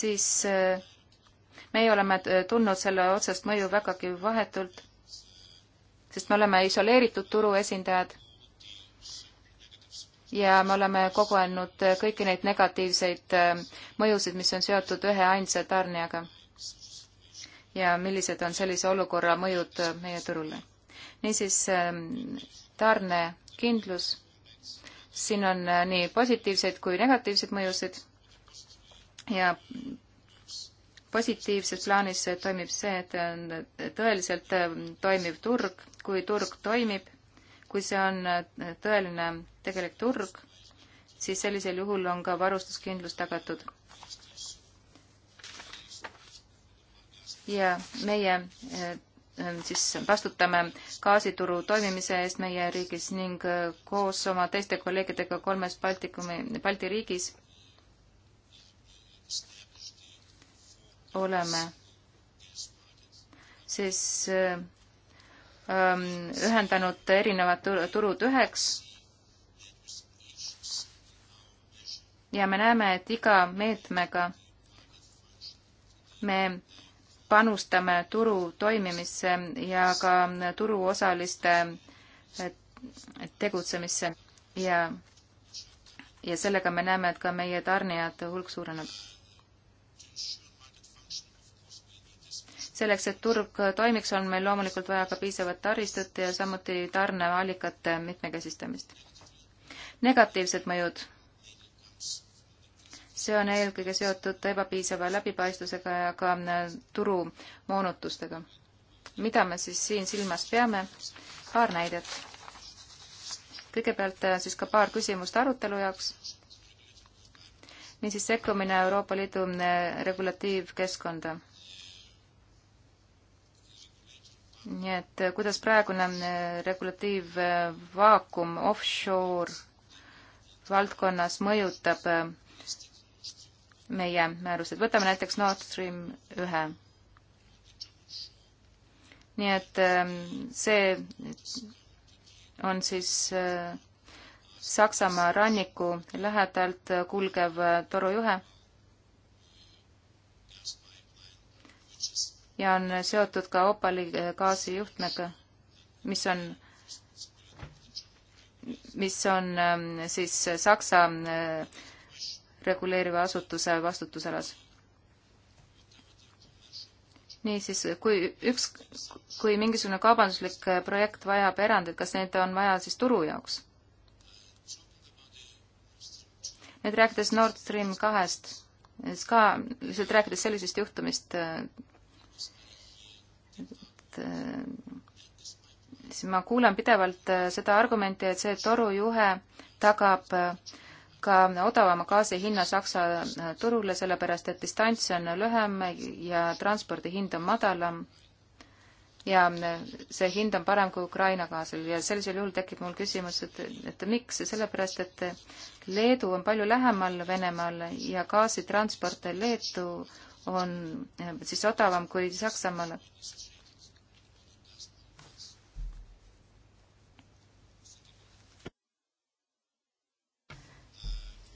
siis eh, meie oleme tundnud selle otsest mõju vägagi vahetult, sest me oleme isoleeritud turu esindajad ja me oleme kogenud eh, kõiki neid negatiivseid eh, mõjusid, mis on seotud ühe ainsa tarnijaga. ja millised on sellise olukorra mõjud meie turule. niisiis tarnekindlus, siin on nii positiivseid kui negatiivseid mõjusid ja positiivses plaanis toimib see, et on tõeliselt toimiv turg, kui turg toimib, kui see on tõeline tegelik turg, siis sellisel juhul on ka varustuskindlus tagatud. ja meie eh, siis vastutame gaasituru toimimise eest meie riigis ning eh, koos oma teiste kolleegidega kolmes Baltikumi, Balti riigis oleme siis ähm, ühendanud erinevad turud üheks ja me näeme, et iga meetmega me panustame turu toimimisse ja ka turuosaliste äh, tegutsemisse ja, ja sellega me näeme, et ka meie tarnijate hulk suureneb selleks, et turg toimiks, on meil loomulikult vaja ka piisavat taristut ja samuti tarneallikate mitmekesistamist. negatiivsed mõjud. see on eelkõige seotud ebapiisava läbipaistvusega ja ka äh, turu moonutustega. mida me siis siin silmas peame? paar näidet. kõigepealt äh, siis ka paar küsimust arutelu jaoks niisiis sekkumine Euroopa Liidu äh, regulatiivkeskkonda nii et eh, kuidas praegune eh, regulatiivvaakum eh, offshore valdkonnas mõjutab meie määrused. võtame näiteks Nord Stream ühe. nii et see on siis Saksamaa ranniku lähedalt kulgev torujuhe ja on seotud ka Opali gaasijuhtmega, mis on, mis on ähm, siis Saksa äh, reguleeriva asutuse vastutusalas. niisiis, kui üks, kui mingisugune kaubanduslik äh, projekt vajab erandit, kas neid on vaja siis turu jaoks? nüüd rääkides Nord Stream kahest, siis ka lihtsalt rääkides sellisest juhtumist, äh, Äh, siis ma kuulen pidevalt äh, seda argumenti, et see torujuhe tagab äh, ka odavama gaasi hinna Saksa turule, sellepärast et distants on lühem ja transpordi hind on madalam ja see hind on parem kui Ukraina gaasil ja sellisel juhul tekib mul küsimus, et, et miks, sellepärast et Leedu on palju lähemal Venemaale ja gaasitransport Leetu on siis odavam kui Saksamaale.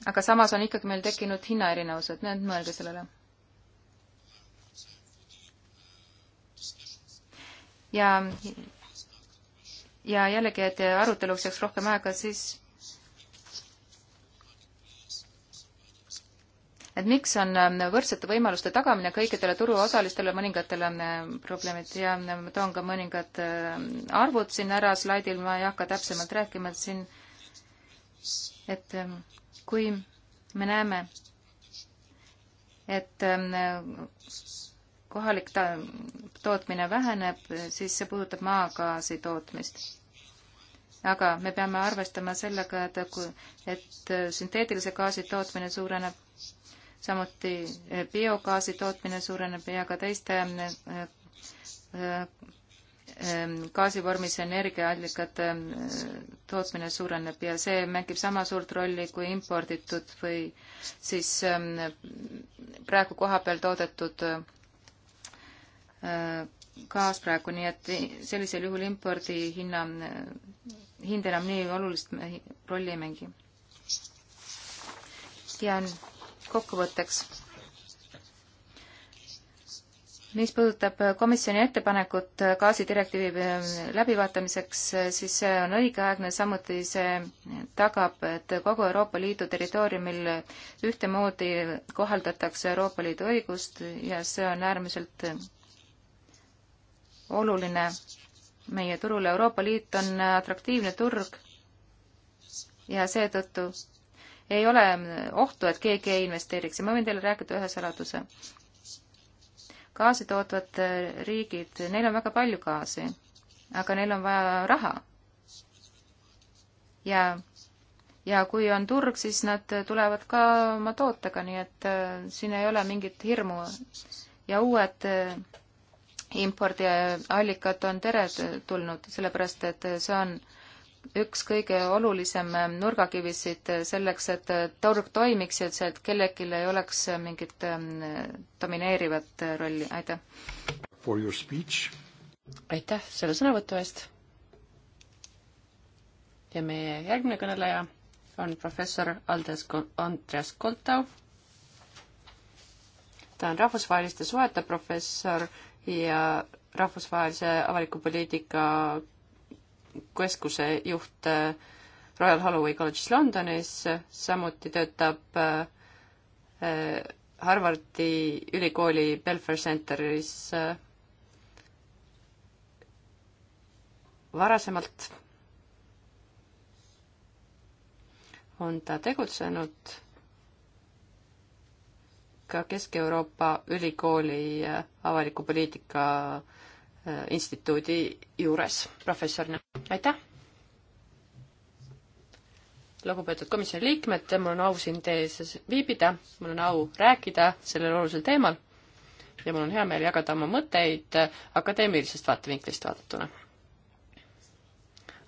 aga samas on ikkagi meil tekkinud hinnaerinevused, nii et mõelge sellele. ja, ja jällegi, et aruteluks jääks rohkem aega, siis et miks on ähm, võrdsete võimaluste tagamine kõikidele turuosalistele mõningatele ähm, probleemid ja ähm, ma toon ka mõningad arvud siin ära slaidil, ma ei hakka täpsemalt rääkima, et siin, et kui me näeme, et ähm, kohalik ta-, tootmine väheneb, siis see puudutab maagaasi tootmist. aga me peame arvestama sellega, et, et äh, sünteetilise gaasi tootmine suureneb, samuti äh, biogaasi tootmine suureneb ja ka teiste äh, Ehm, gaasi vormis energiaallikate ehm, tootmine suureneb ja see mängib sama suurt rolli kui imporditud või siis ehm, praegu kohapeal toodetud gaas praegu, nii et sellisel juhul impordi hinna, hind enam nii olulist rolli ei mängi. ja kokkuvõtteks mis puudutab äh, komisjoni ettepanekut äh, gaasidirektiivi äh, läbivaatamiseks, siis see on õigeaegne, samuti see tagab, et kogu Euroopa Liidu territooriumil ühtemoodi kohaldatakse Euroopa Liidu õigust ja see on äärmiselt oluline meie turul. Euroopa Liit on atraktiivne turg ja seetõttu ei ole ohtu, et keegi ei investeeriks ja ma võin teile rääkida ühe saladuse gaasi tootvad riigid, neil on väga palju gaasi, aga neil on vaja raha. ja, ja kui on turg, siis nad tulevad ka oma tootega, nii et äh, siin ei ole mingit hirmu ja uued äh, impordiallikad on teretulnud, sellepärast et äh, see on äh, üks kõige olulisem nurgakivisid selleks, et turg toimiks ja et kellelgi ei oleks mingit ähm, domineerivat rolli, aitäh! aitäh selle sõnavõtu eest! ja meie järgmine kõneleja on professor Aldes Andreas Koltau. ta on rahvusvaheliste suhete professor ja rahvusvahelise avaliku poliitika keskuse juht äh, Royal Holloway College'is Londonis, samuti töötab äh, äh, Harvardi ülikooli Belfair Centeris varasemalt on ta tegutsenud ka Kesk-Euroopa Ülikooli avaliku poliitika Äh, instituudi juures professorina. aitäh! lugupeetud komisjoni liikmed, mul on au siin teie ees viibida, mul on au rääkida sellel olulisel teemal ja mul on hea meel jagada oma mõtteid akadeemilisest vaatevinklist vaadatuna.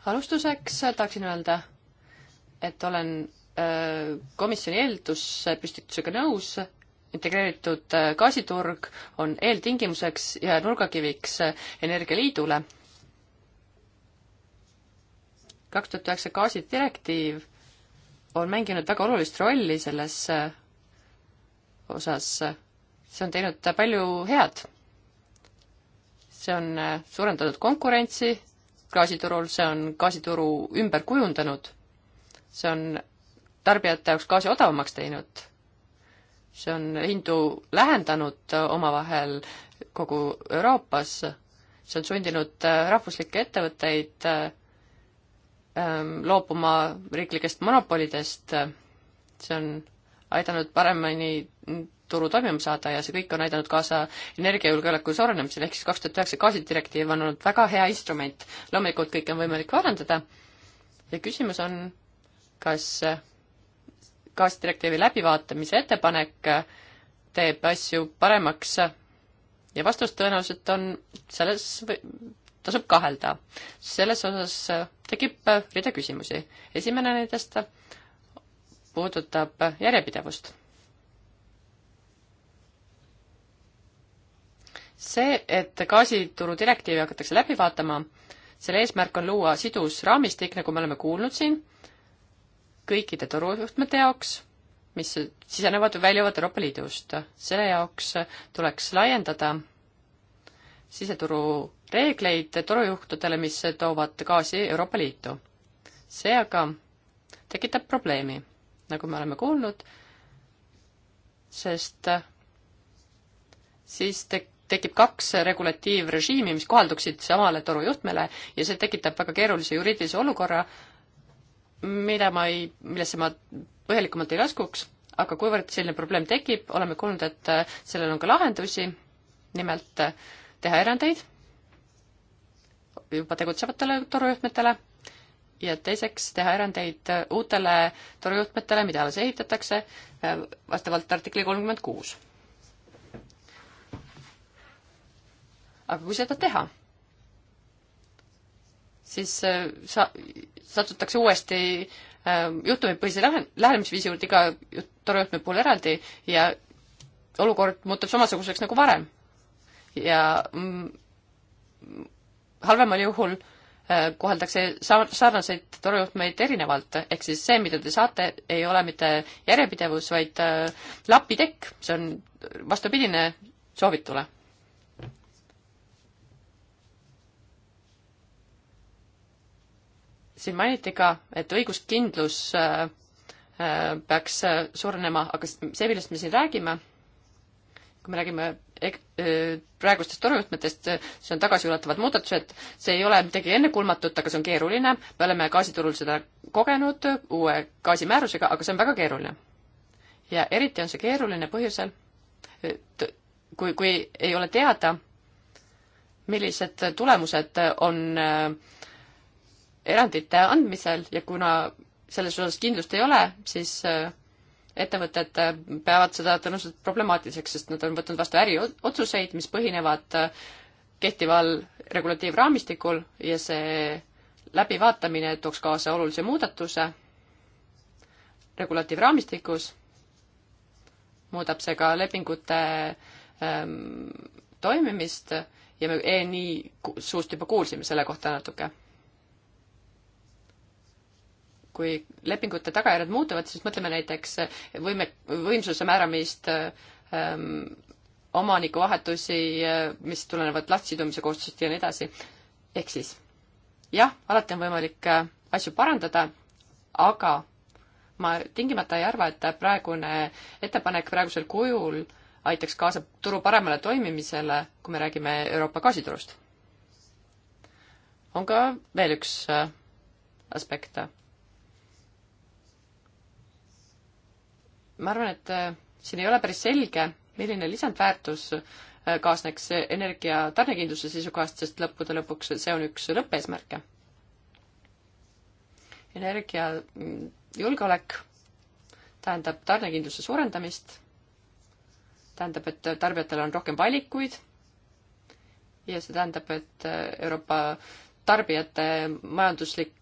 alustuseks tahaksin öelda, et olen äh, komisjoni eelduspüstitusega nõus, integreeritud äh, gaasiturg on eeltingimuseks ja nurgakiviks äh, Energialiidule. kaks tuhat üheksa gaasidirektiiv on mänginud väga olulist rolli selles äh, osas, see on teinud palju head. see on suurendanud konkurentsi gaasiturul, see on gaasituru ümber kujundanud, see on tarbijate jaoks gaasi odavamaks teinud see on hindu lähendanud omavahel kogu Euroopas, see on sundinud äh, rahvuslikke ettevõtteid äh, ähm, loobuma riiklikest monopolidest, see on aidanud paremini turu toimima saada ja see kõik on aidanud kaasa energiajulgeoleku suurenemisele, ehk siis kaks tuhat üheksa gaasidirektiiv on olnud väga hea instrument. loomulikult kõike on võimalik parandada ja küsimus on, kas gaasidirektiivi läbivaatamise ettepanek teeb asju paremaks ja vastus tõenäoliselt on selles, tasub kahelda. selles osas tekib rida küsimusi. esimene nendest puudutab järjepidevust. see, et gaasituru direktiivi hakatakse läbi vaatama, selle eesmärk on luua sidus raamistik, nagu me oleme kuulnud siin, kõikide torujuhtmete jaoks, mis sisenevad või väljuvad Euroopa Liidust. selle jaoks tuleks laiendada siseturu reegleid torujuhtudele, mis toovad gaasi Euroopa Liitu. see aga tekitab probleemi, nagu me oleme kuulnud, sest siis tek-, tekib kaks regulatiivrežiimi, mis kohalduksid samale torujuhtmele ja see tekitab väga keerulise juriidilise olukorra, mida ma ei, millesse ma põhjalikumalt ei laskuks, aga kuivõrd selline probleem tekib, oleme kuulnud, et äh, sellel on ka lahendusi, nimelt äh, teha erandeid juba tegutsevatele torujuhtmetele ja teiseks teha erandeid äh, uutele torujuhtmetele, mida alles ehitatakse, vastavalt artikli kolmkümmend kuus. aga kui seda teha siis äh, sa-, satutakse uuesti ähm, juhtumipõhise lähen-, lähenemisviisi juurde iga torujuhtme puhul eraldi ja olukord muutub samasuguseks nagu varem. ja mm, halvemal juhul äh, koheldakse sa-, sarnaseid torujuhtmeid erinevalt, ehk siis see, mida te saate, ei ole mitte järjepidevus, vaid äh, lapitekk, see on vastupidine soovitule siin mainiti ka, et õiguskindlus äh, äh, peaks äh, surnema, aga see, millest me siin räägime, kui me räägime praegustest torujuhtmetest, see on tagasiulatuvad muudatused, see ei ole midagi ennekuulmatut, aga see on keeruline, me oleme gaasiturul seda kogenud uue gaasimäärusega, aga see on väga keeruline. ja eriti on see keeruline põhjusel, et kui, kui ei ole teada, millised tulemused on äh, erandite andmisel ja kuna selles osas kindlust ei ole, siis äh, ettevõtted äh, peavad seda tõenäoliselt problemaatiliseks, sest nad on võtnud vastu äriotsuseid, mis põhinevad äh, kehtival regulatiivraamistikul ja see läbivaatamine tooks kaasa olulise muudatuse regulatiivraamistikus, muudab see ka lepingute ähm, toimimist ja me e nii suust juba kuulsime selle kohta natuke kui lepingute tagajärjed muutuvad, siis mõtleme näiteks võime, võimsuse määramist ähm,, omanikuvahetusi, mis tulenevad lahtisidumise kohustustest ja nii edasi. ehk siis jah, alati on võimalik äh, asju parandada, aga ma tingimata ei arva, et praegune ettepanek praegusel kujul aitaks kaasa turu paremale toimimisele, kui me räägime Euroopa gaasiturust. on ka veel üks äh, aspekt ma arvan, et äh, siin ei ole päris selge, milline lisandväärtus äh, kaasneks energia tarnekindluse seisukohast, sest lõppude lõpuks see on üks lõppeesmärke. energiajulgeolek mm, tähendab tarnekindluse suurendamist, tähendab, et tarbijatel on rohkem valikuid ja see tähendab, et äh, Euroopa tarbijate majanduslik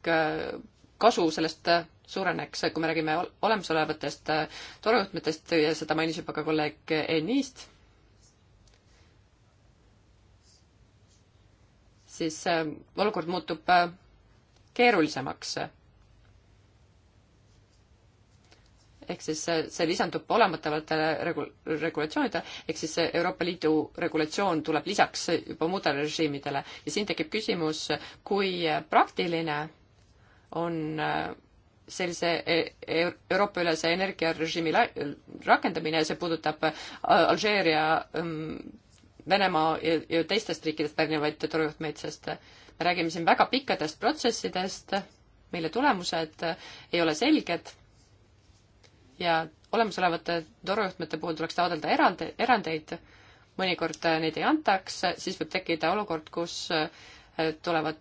kasu sellest suureneks, kui me räägime olemasolevatest äh, torujuhtmetest ja seda mainis juba ka kolleeg Ennist, siis äh, olukord muutub äh, keerulisemaks. ehk siis see, see lisandub olemasolevatele regu-, regulatsioonidele, ehk siis see Euroopa Liidu regulatsioon tuleb lisaks juba muudele režiimidele ja siin tekib küsimus, kui praktiline on sellise e-, e-, Euroopa-ülese energiarežiimi rakendamine, see puudutab äh, Alžeeria, ähm, Venemaa ja teistest riikidest pärinevaid torujuhtmeid, sest me räägime siin väga pikkadest protsessidest, mille tulemused äh, ei ole selged ja olemasolevate torujuhtmete puhul tuleks taotleda eraldi, erandeid, mõnikord äh, neid ei antaks, siis võib tekkida olukord, kus äh, Äh, tulevad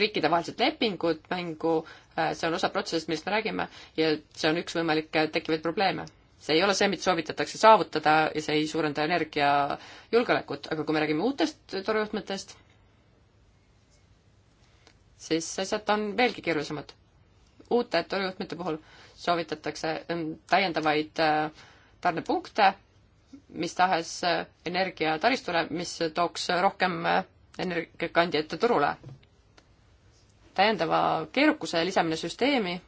riikidevahelised lepingud mängu, äh, see on osa protsessist, millest me räägime, ja see on üks võimalikke äh, tekkivaid probleeme. see ei ole see, mida soovitatakse saavutada ja see ei suurenda energiajulgeolekut, aga kui me räägime uutest torujuhtmetest, siis asjad on veelgi keerulisemad. uute torujuhtmete puhul soovitatakse ähm, täiendavaid tarnepunkte mis tahes energiataristule, mis tooks rohkem energiakandjate turule. täiendava keerukuse lisamine süsteemi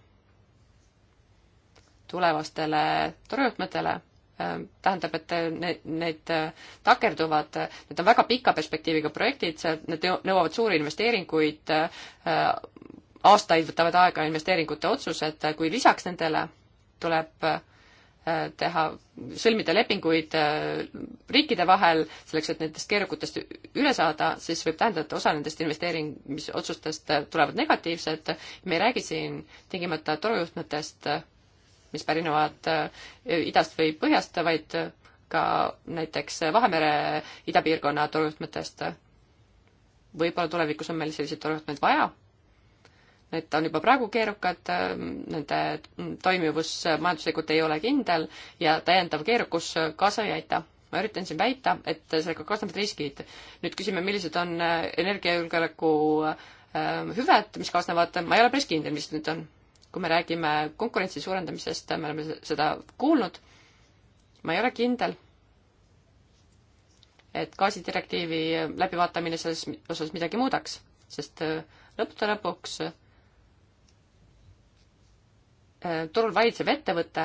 tulevastele torujuhtmetele äh, tähendab, et need, need äh, takerduvad, need on väga pika perspektiiviga projektid, need nõuavad suuri investeeringuid, äh, aastaid võtavad aega investeeringute otsused, kui lisaks nendele tuleb Äh, teha, sõlmida lepinguid äh, riikide vahel selleks, et nendest keerukutest üle saada, siis võib tähendada, et osa nendest investeerimisotsustest äh, tulevad negatiivsed. me ei räägi siin tingimata torujuhtmetest, mis pärinevad idast või põhjast, vaid ka näiteks Vahemere idapiirkonna torujuhtmetest. võib-olla tulevikus on meil selliseid torujuhtmeid vaja et on juba praegu keerukad, ehm, nende toimivus majanduslikult ei ole kindel ja täiendav keerukus kaasa ei aita. ma üritan siin väita, et sellega kaasnevad riskid. nüüd küsime, millised on eh, energiajulgeoleku ehm, hüved, mis kaasnevad, ma ei ole päris kindel, mis need on. kui me räägime konkurentsi suurendamisest, me oleme seda kuulnud, ma ei ole kindel et gaasidirektiivi läbivaatamine selles osas midagi muudaks, sest eh, lõppude lõpuks Äh, turul valitsev ettevõte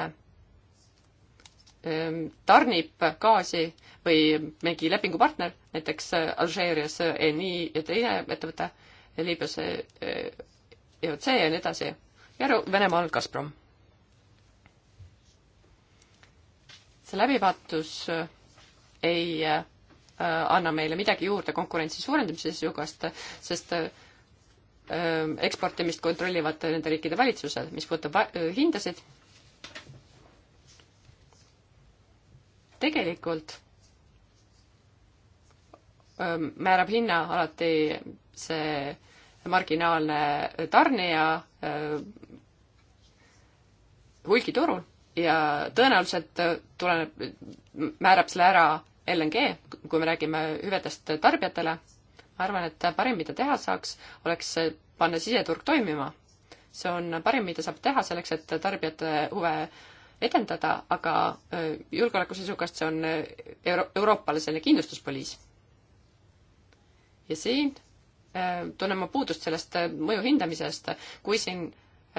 ähm, tarnib gaasi või mingi lepingupartner, näiteks äh, Alžeerias ENI ja teine ettevõte, Liibüas äh, EOC ja nii edasi, ja Venemaal Gazprom. see läbivaatus ei anna meile midagi juurde konkurentsi suurendamise seisukohast, sest, sest Ähm, eksportimist kontrollivad nende riikide valitsused, mis puudutab hindasid. tegelikult ähm, määrab hinna alati see marginaalne tarnija äh, hulgiturul ja tõenäoliselt äh, tuleneb, määrab selle ära LNG, kui me räägime hüvedest tarbijatele arvan, et parim, mida teha saaks, oleks panna siseturg toimima. see on parim, mida saab teha selleks, et tarbijate huve edendada, aga julgeoleku seisukohast see on euro-, Euroopale selline kindlustuspoliis. ja siin tunnen ma puudust sellest mõju hindamisest, kui siin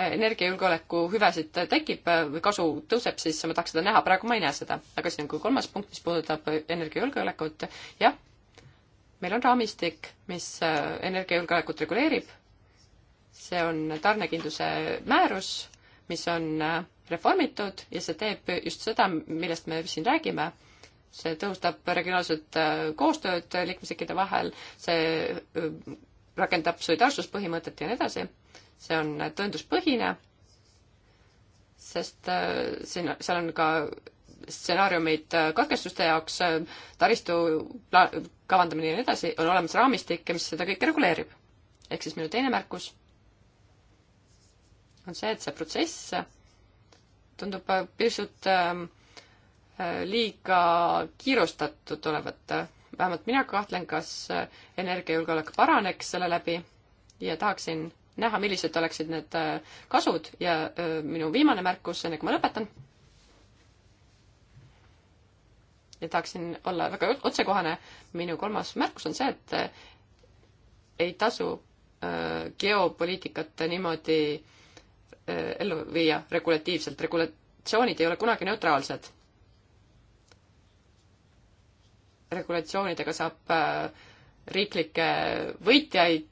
energiajulgeoleku hüvesid tekib või kasu tõuseb, siis ma tahaks seda näha, praegu ma ei näe seda. aga siin on ka kolmas punkt, mis puudutab energiajulgeolekut, jah, meil on raamistik, mis äh, energiajulgeolekut reguleerib, see on tarnekindluse määrus, mis on äh, reformitud ja see teeb just seda, millest me siin räägime. see tõhustab regionaalset äh, koostööd liikmesriikide vahel, see rakendab solidaarsuspõhimõtet ja nii edasi, see on tõenduspõhine, sest siin, seal on ka stsenaariumid äh, katkestuste jaoks, äh, taristu pla-, kavandamine ja nii edasi, on olemas raamistik, mis seda kõike reguleerib. ehk siis minu teine märkus on see, et see protsess tundub äh, pisut ähm, liiga kiirustatud olevat. vähemalt mina kahtlen, kas energiajulgeolek paraneks selle läbi ja tahaksin näha, millised oleksid need kasud ja minu viimane märkus, enne kui ma lõpetan ja tahaksin olla väga otsekohane, minu kolmas märkus on see, et äh, ei tasu äh, geopoliitikat niimoodi äh, ellu viia regulatiivselt, regulatsioonid ei ole kunagi neutraalsed. regulatsioonidega saab riiklikke võitjaid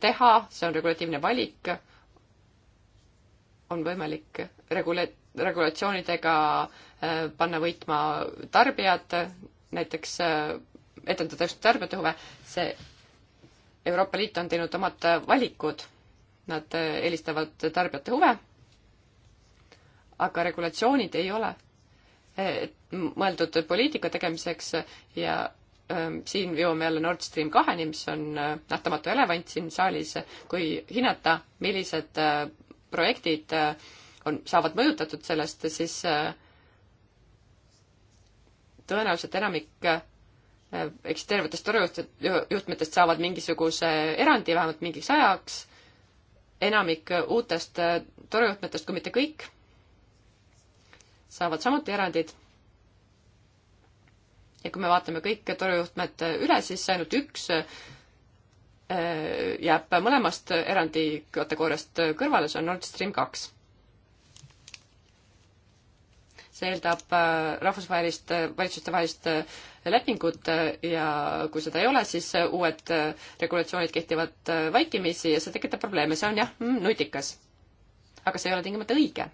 teha, see on regulatiivne valik, on võimalik regula-, regulatsioonidega äh, panna võitma tarbijad, näiteks äh, etendada just tarbijate huve, see Euroopa Liit on teinud omad valikud, nad äh, eelistavad tarbijate huve, aga regulatsioonid ei ole äh, mõeldud poliitika tegemiseks ja ähm, siin jõuame jälle Nord Stream kaheni, mis on nähtamatu elevant siin saalis, kui hinnata, millised projektid on, saavad mõjutatud sellest, siis äh, tõenäoliselt enamik äh, eks tervetest torujuhtmetest saavad mingisuguse erandi vähemalt mingiks ajaks, enamik äh, uutest äh, torujuhtmetest, kui mitte kõik, saavad samuti erandid. ja kui me vaatame kõik torujuhtmed üle, siis ainult üks jääb mõlemast erandi kategooriast kõrvale, see on Nord Stream kaks eeldab äh, rahvusvahelist, äh, valitsustevahelist äh, lepingut ja kui seda ei ole, siis uued regulatsioonid kehtivad vaikimisi ja see tekitab probleeme, see on jah, mm, nutikas. aga see ei ole tingimata õige.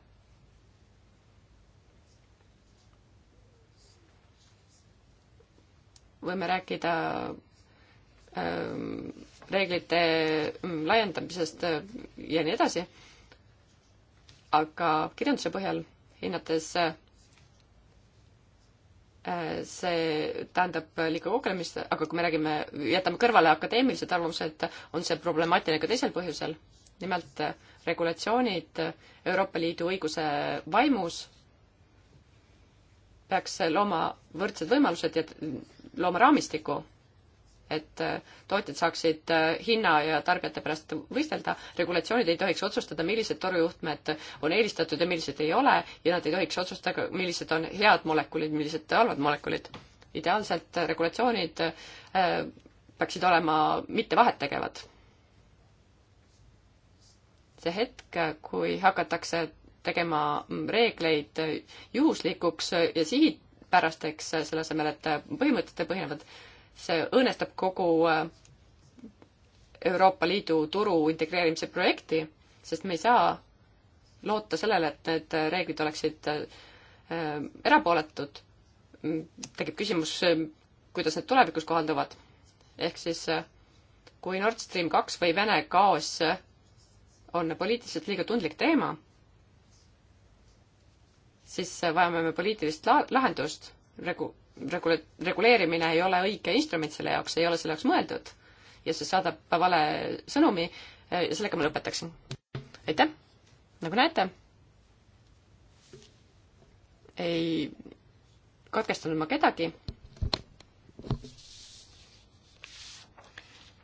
võime rääkida ähm, reeglite mm, laiendamisest ja nii edasi, aga kirjanduse põhjal hinnates see tähendab liiga kogemist, aga kui me räägime, jätame kõrvale akadeemilised arvamused, on see problemaatiline ka teisel põhjusel. nimelt äh, regulatsioonid äh, Euroopa Liidu õiguse vaimus peaks looma võrdsed võimalused ja looma raamistiku et äh, tootjad saaksid äh, hinna ja tarbijate pärast võistelda, regulatsioonid ei tohiks otsustada, millised torujuhtmed on eelistatud ja millised ei ole ja nad ei tohiks otsustada, millised on head molekulid, millised halvad molekulid. ideaalselt äh, regulatsioonid peaksid olema mitte vahettegevad. see hetk, kui hakatakse tegema mm, reegleid juhuslikuks ja sihipärasteks, selle asemel, et põhimõtete põhinevad, see õõnestab kogu äh, Euroopa Liidu turu integreerimise projekti, sest me ei saa loota sellele, et need reeglid oleksid äh, erapooletud. tekib küsimus, kuidas need tulevikus kohalduvad. ehk siis äh, kui Nord Stream kaks või Vene gaas on poliitiliselt liiga tundlik teema, siis vajame me poliitilist la-, lahendust, regu-, regule-, reguleerimine ei ole õige instrument selle jaoks, ei ole selle jaoks mõeldud ja see saadab vale sõnumi ja sellega ma lõpetaksin. aitäh, nagu näete, ei katkestanud ma kedagi.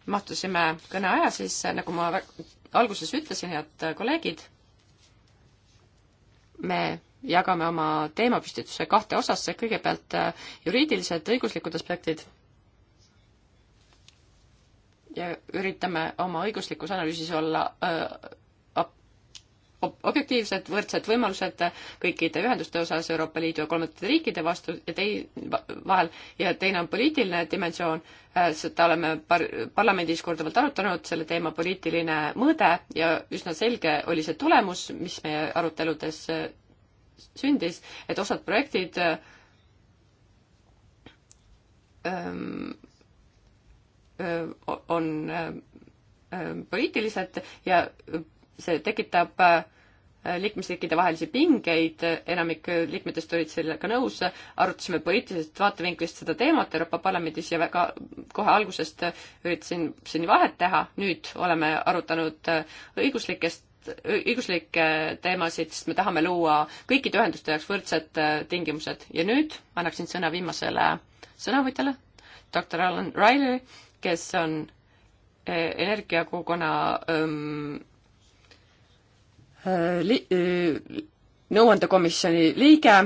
mahtusime kõneaja sisse, nagu ma alguses ütlesin, head kolleegid, me jagame oma teemapüstituse kahte osasse, kõigepealt äh, juriidilised õiguslikud aspektid ja üritame oma õiguslikus analüüsis olla öö, äh, objektiivsed, võrdsed võimalused kõikide ühenduste osas Euroopa Liidu ja kolmandate riikide vastu ja tei-, vahel ja teine on poliitiline dimensioon, äh, seda oleme par-, parlamendis korduvalt arutanud, selle teema poliitiline mõõde ja üsna selge oli see tulemus, mis meie aruteludes sündis, et osad projektid ähm, on ähm, poliitilised ja see tekitab äh, liikmesriikide vahelisi pingeid, enamik liikmetest olid sellega nõus, arutasime poliitilisest vaatevinklist seda teemat Euroopa Parlamendis ja väga kohe algusest äh, üritasin siin vahet teha, nüüd oleme arutanud õiguslikest õiguslikke teemasid, sest me tahame luua kõikide ühenduste jaoks võrdsed äh, tingimused. ja nüüd annaksin sõna viimasele sõnavõtjale, doktor Alan Riley, kes on äh, energiakogukonna ähm, äh, li-, nõuandekomisjoni liige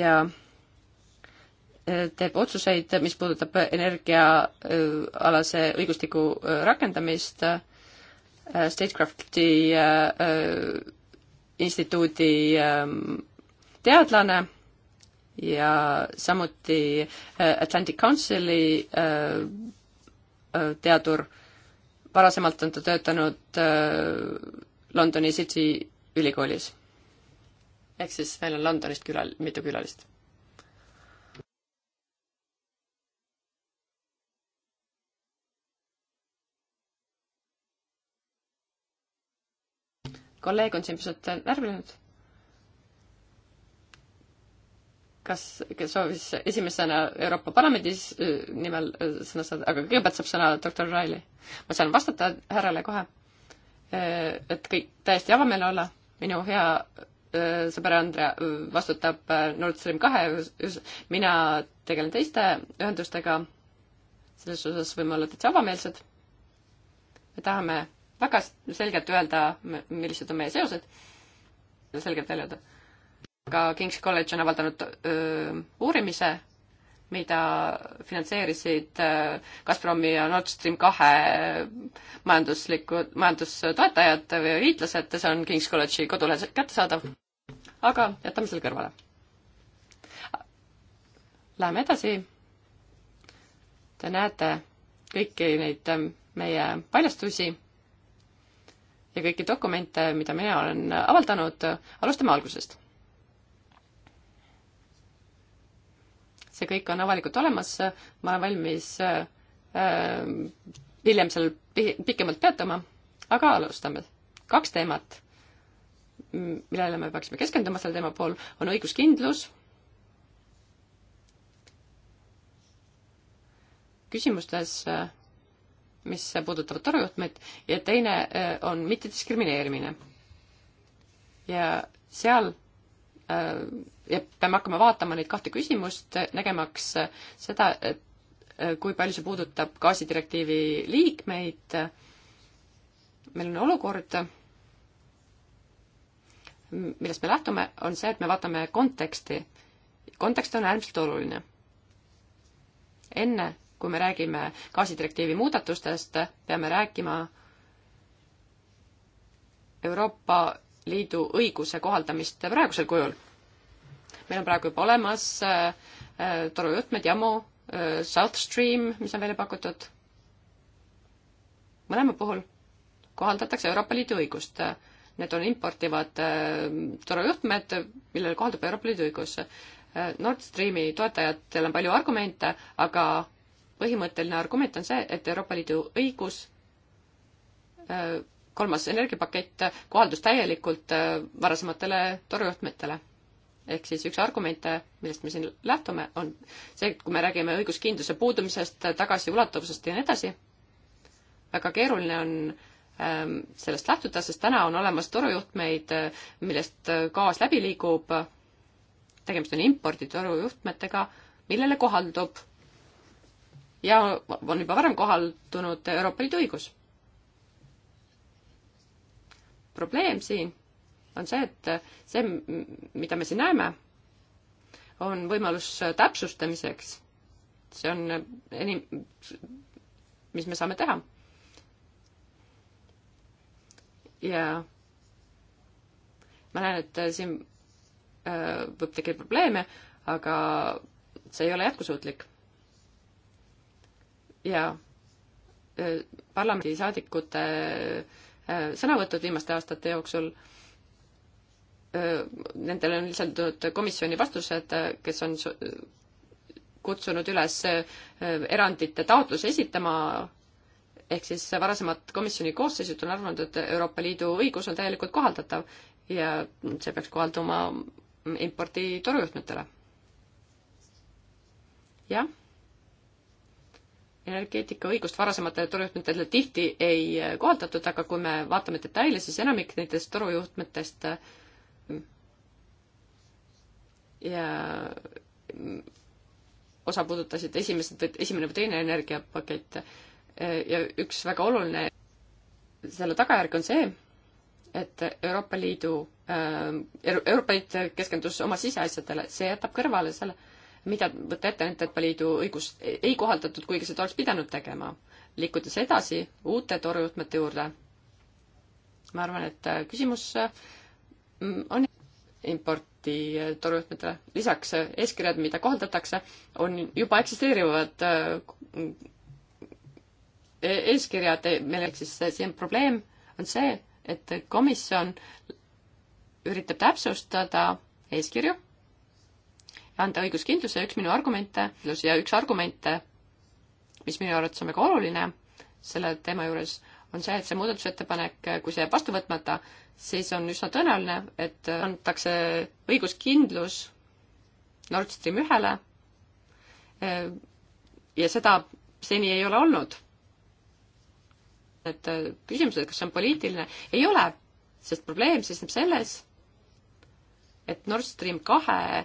ja teeb otsuseid, mis puudutab energiaalase õigustiku rakendamist äh, Äh, Statecrafti äh, äh, instituudi ähm, teadlane ja samuti Atlantic Councili teadur, varasemalt on ta töötanud Londoni City ülikoolis. ehk siis meil on Londonist külal-, mitu külalist kolleeg on siin pisut närviline. kas, kes soovis esimesena Euroopa Parlamendis äh, nimel äh, sõna saada, aga kõigepealt saab sõna doktor Riley. ma saan vastata härrale kohe, äh, et kõik täiesti avameelne olla, minu hea sõber Andre vastutab Nord Stream kahe, mina tegelen teiste ühendustega, selles osas võime olla täitsa avameelsed. me tahame väga selgelt öelda, millised on meie seosed, selgelt välja öelda. aga King's College on avaldanud öö, uurimise, mida finantseerisid Gazpromi ja Nord Stream kahe majanduslikud, majandustoetajad või liitlased, see on King's College'i kodulehel kättesaadav. aga jätame selle kõrvale. Läheme edasi. Te näete kõiki neid meie paljastusi ja kõiki dokumente, mida mina olen avaldanud, alustame algusest. see kõik on avalikult olemas, ma olen valmis äh, hiljem seal pikemalt peatuma, aga alustame. kaks teemat, millele me peaksime keskenduma selle teema puhul, on õiguskindlus, küsimustes äh, mis puudutavad torujuhtmeid ja teine äh, on mittediskrimineerimine. ja seal äh, ja peame hakkama vaatama neid kahte küsimust, nägemaks äh, seda, et kui palju see puudutab gaasidirektiivi liikmeid. meil on olukord, millest me lähtume, on see, et me vaatame konteksti. kontekst on äärmiselt oluline. enne kui me räägime gaasidirektiivi muudatustest, peame rääkima Euroopa Liidu õiguse kohaldamist praegusel kujul. meil on praegu juba olemas äh, äh, torujuhtmed, jamu äh,, South Stream, mis on välja pakutud. mõlema puhul kohaldatakse Euroopa Liidu õigust. Need on importivad äh, torujuhtmed, millele kohaldub Euroopa Liidu õigus. Äh, Nord Streami toetajatel on palju argumente, aga põhimõtteline argument on see, et Euroopa Liidu õigus äh, kolmas energiapakett äh, kohaldus täielikult äh, varasematele torujuhtmetele. ehk siis üks argumente, millest me siin lähtume, on see, et kui me räägime õiguskindluse puudumisest, tagasiulatuvusest ja nii edasi, väga keeruline on ähm, sellest lähtuda, sest täna on olemas torujuhtmeid, millest gaas läbi liigub, tegemist on imporditorujuhtmetega, millele kohaldub ja on juba varem kohaldunud Euroopa Liidu õigus. probleem siin on see, et see, mida me siin näeme, on võimalus täpsustamiseks. see on enim, mis me saame teha. ja ma näen, et siin äh, võib tekkida probleeme, aga see ei ole jätkusuutlik ja parlamendisaadikute sõnavõtud viimaste aastate jooksul, nendele on lisandunud komisjoni vastused, kes on kutsunud üles erandite taotluse esitama, ehk siis varasemad komisjoni koosseisud on arvanud, et Euroopa Liidu õigus on täielikult kohaldatav ja see peaks kohalduma impordi torujuhtmetele. jah energeetikaõigust varasematele torujuhtmetele tihti ei eh, kohaldatud, aga kui me vaatame detaile, siis enamik nendest torujuhtmetest eh, ja mm, osa puudutasid esimesed, esimene või teine energiapakett eh, ja üks väga oluline selle tagajärg on see, et Euroopa Liidu, Euroopa Liit keskendus oma siseasjadele, see jätab kõrvale selle äh, mida võtta ette Euroopa Liidu õigust ei kohaldatud, kuigi seda oleks pidanud tegema. liikudes edasi uute torujuhtmete juurde, ma arvan, et äh, küsimus äh, mm, on importi äh, torujuhtmetele. lisaks eeskirjad, mida kohaldatakse, on juba eksisteerivad e-, eeskirjad, meil ehk siis siin probleem on see, et komisjon üritab täpsustada eeskirju anda õiguskindluse, üks minu argumente ja üks argumente, mis minu arvates on väga oluline selle teema juures, on see, et see muudatusettepanek, kui see jääb vastu võtmata, siis on üsna tõenäoline, et antakse õiguskindlus Nord Stream ühele ja seda seni ei ole olnud. et küsimus, et kas see on poliitiline, ei ole, sest probleem seisneb selles, et Nord Stream kahe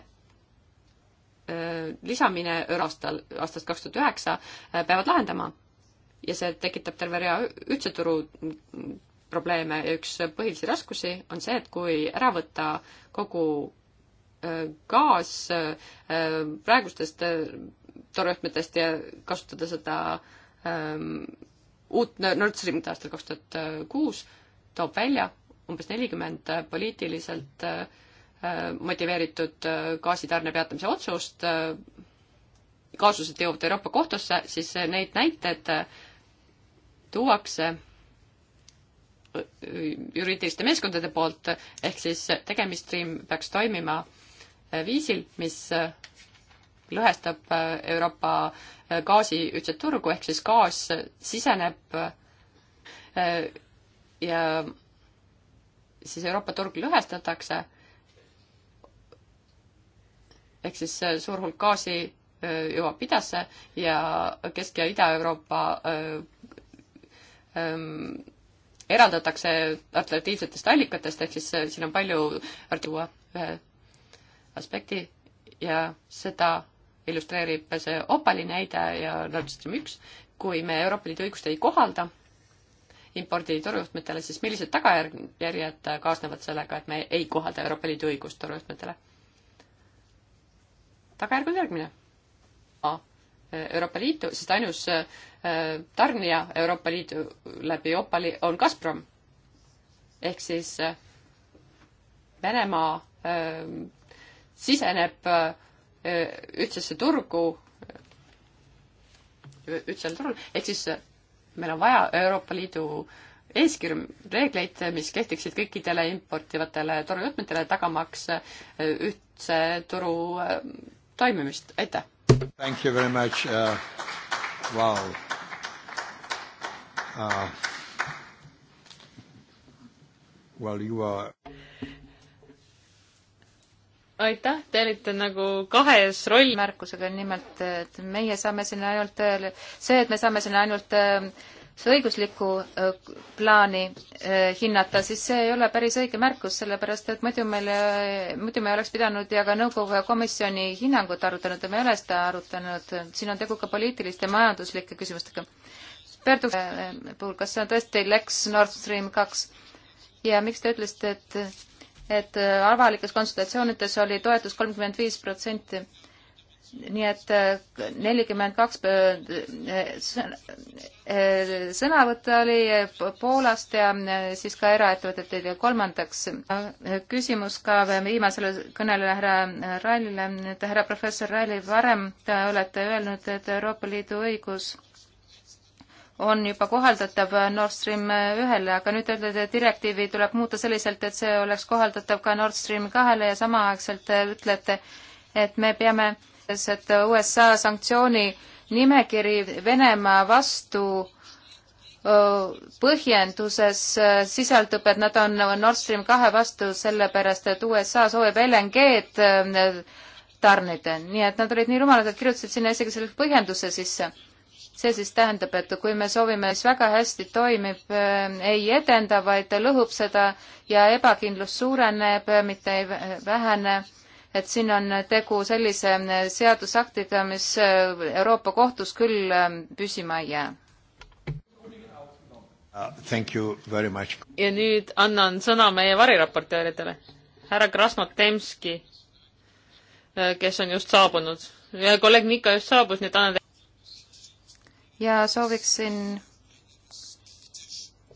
lisamine Eurostal aastast kaks tuhat üheksa äh, peavad lahendama. ja see tekitab terve rea ühtse turu probleeme ja üks põhilisi raskusi on see, et kui ära võtta kogu äh, gaas äh, praegustest torujuhtmetest ja kasutada seda um, uut Nord Stream aastal kaks tuhat kuus, toob välja umbes nelikümmend poliitiliselt uh, Äh, motiveeritud äh, gaasitarne peatamise otsust, äh, kaasused jõuavad Euroopa kohtusse, siis neid näiteid tuuakse juriidiliste meeskondade poolt, ehk siis tegemistriim peaks toimima viisil, mis lõhestab Euroopa gaasi ühtset turgu, ehk siis gaas siseneb ja siis Euroopa turg lõhestatakse ehk siis äh, suur hulk gaasi äh, jõuab idasse ja Kesk- ja Ida-Euroopa äh, ähm, eraldatakse alternatiivsetest allikatest, ehk siis siin on palju tuua ühe aspekti ja seda illustreerib see Opali näide ja Nord Stream üks, kui me Euroopa Liidu õigust ei kohalda impordi torujuhtmetele, siis millised tagajärjed kaasnevad sellega, et me ei kohalda Euroopa Liidu õigust torujuhtmetele? tagajärg on järgmine. Euroopa Liitu, sest ainus äh, tarnija Euroopa Liidu läbi Opali on Gazprom. ehk siis äh, Venemaa äh, siseneb ühtsesse turgu, ühtsel turul, ehk siis meil on vaja Euroopa Liidu eeskirju, reegleid, mis kehtiksid kõikidele importivatele torujuhtmetele, tagamaks ühtse turu toimimist, aitäh! Thank you very much uh,, vau wow. uh,. Well you are aitäh, te olite nagu kahes rollmärkusega, nimelt et meie saame sinna ainult, see, et me saame sinna ainult äh, see õiguslikku plaani hinnata, siis see ei ole päris õige märkus, sellepärast et muidu meil, muidu me oleks pidanud ja ka nõukogu ja komisjoni hinnangut arutanud ja me ei ole seda arutanud. siin on tegu ka poliitiliste, majanduslike küsimustega. Perdu puhul, kas see on tõesti Lex Nord Stream kaks? ja miks te ütlesite, et, et avalikes konsultatsioonides oli toetus kolmkümmend viis protsenti? nii et äh, nelikümmend kaks äh, äh, sõnavõttu oli Poolast ja siis ka eraettevõtetelt ja kolmandaks küsimus ka viimasele kõnele härra Rallile, et härra professor Ralli, varem te olete öelnud, et Euroopa Liidu õigus on juba kohaldatav Nord Stream ühele, aga nüüd ütlete, et direktiivi tuleb muuta selliselt, et see oleks kohaldatav ka Nord Stream kahele ja samaaegselt ütlete, et me peame äh, arvates, et USA sanktsiooni nimekiri Venemaa vastu põhjenduses sisaldub, et nad on Nord Stream kahe vastu, sellepärast et USA soovib LNG-d tarnida, nii et nad olid nii rumalad, et kirjutasid sinna isegi selle põhjenduse sisse. see siis tähendab, et kui me soovime, mis väga hästi toimib, ei edenda, vaid lõhub seda ja ebakindlus suureneb, mitte ei vähene et siin on tegu sellise seadusaktiga, mis Euroopa Kohtus küll ähm, püsima ei jää. Uh, ja nüüd annan sõna meie variraportööridele. härra Krasnotemski, äh, kes on just saabunud. kolleeg Mika just saabus, nii et annan ja sooviksin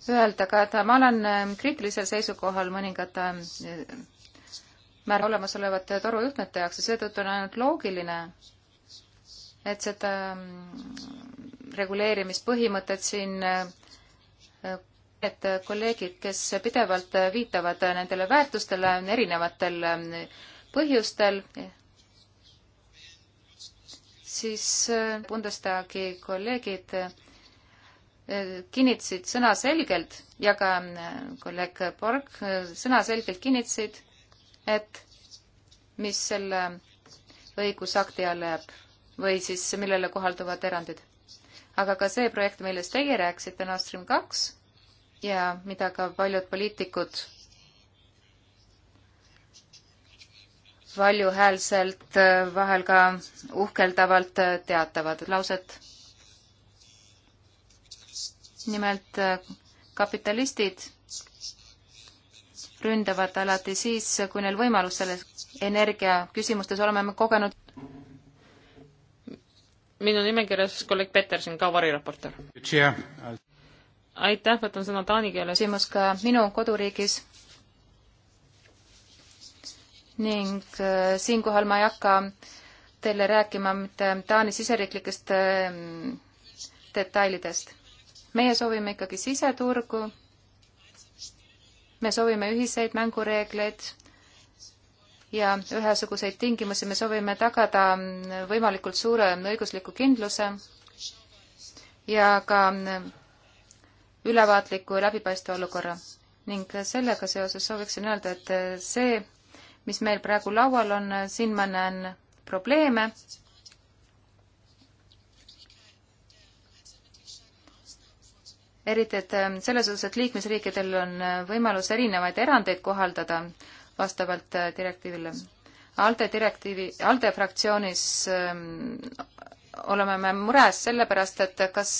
öelda ka, et ma olen ähm, kriitilisel seisukohal mõningate äh, määra olemasolevate torujuhtmete jaoks ja seetõttu on ainult loogiline, et seda mm, reguleerimispõhimõtet siin äh, et kolleegid, kes pidevalt viitavad nendele väärtustele erinevatel mm, põhjustel, siis äh, Bundestagi kolleegid äh, kinnitasid sõnaselgelt ja ka mm, kolleeg Borg sõnaselgelt kinnitasid, et mis selle õigusakti alla jääb või siis millele kohalduvad erandid. aga ka see projekt, millest teie rääkisite, Nord Stream kaks ja mida ka paljud poliitikud valjuhäälselt, vahel ka uhkeldavalt teatavad lauset. nimelt kapitalistid ründavad alati siis, kui neil võimalus selles energiaküsimustes oleme me kogenud. minu nimekirjas kolleeg Peterson, ka variraportor. aitäh, võtan sõna taani keeles. küsimus ka minu koduriigis. ning äh, siinkohal ma ei hakka teile rääkima mitte Taani siseriiklikest äh, detailidest. meie soovime ikkagi siseturgu me soovime ühiseid mängureegleid ja ühesuguseid tingimusi, me soovime tagada võimalikult suure õigusliku kindluse ja ka ülevaatliku ja läbipaistva olukorra. ning sellega seoses sooviksin öelda, et see, mis meil praegu laual on, siin ma näen probleeme eriti et ähm, selles osas, et liikmesriikidel on äh, võimalus erinevaid erandeid kohaldada vastavalt äh, direktiivile. ALDE direktiivi, ALDE fraktsioonis ähm, oleme me mures sellepärast, et kas,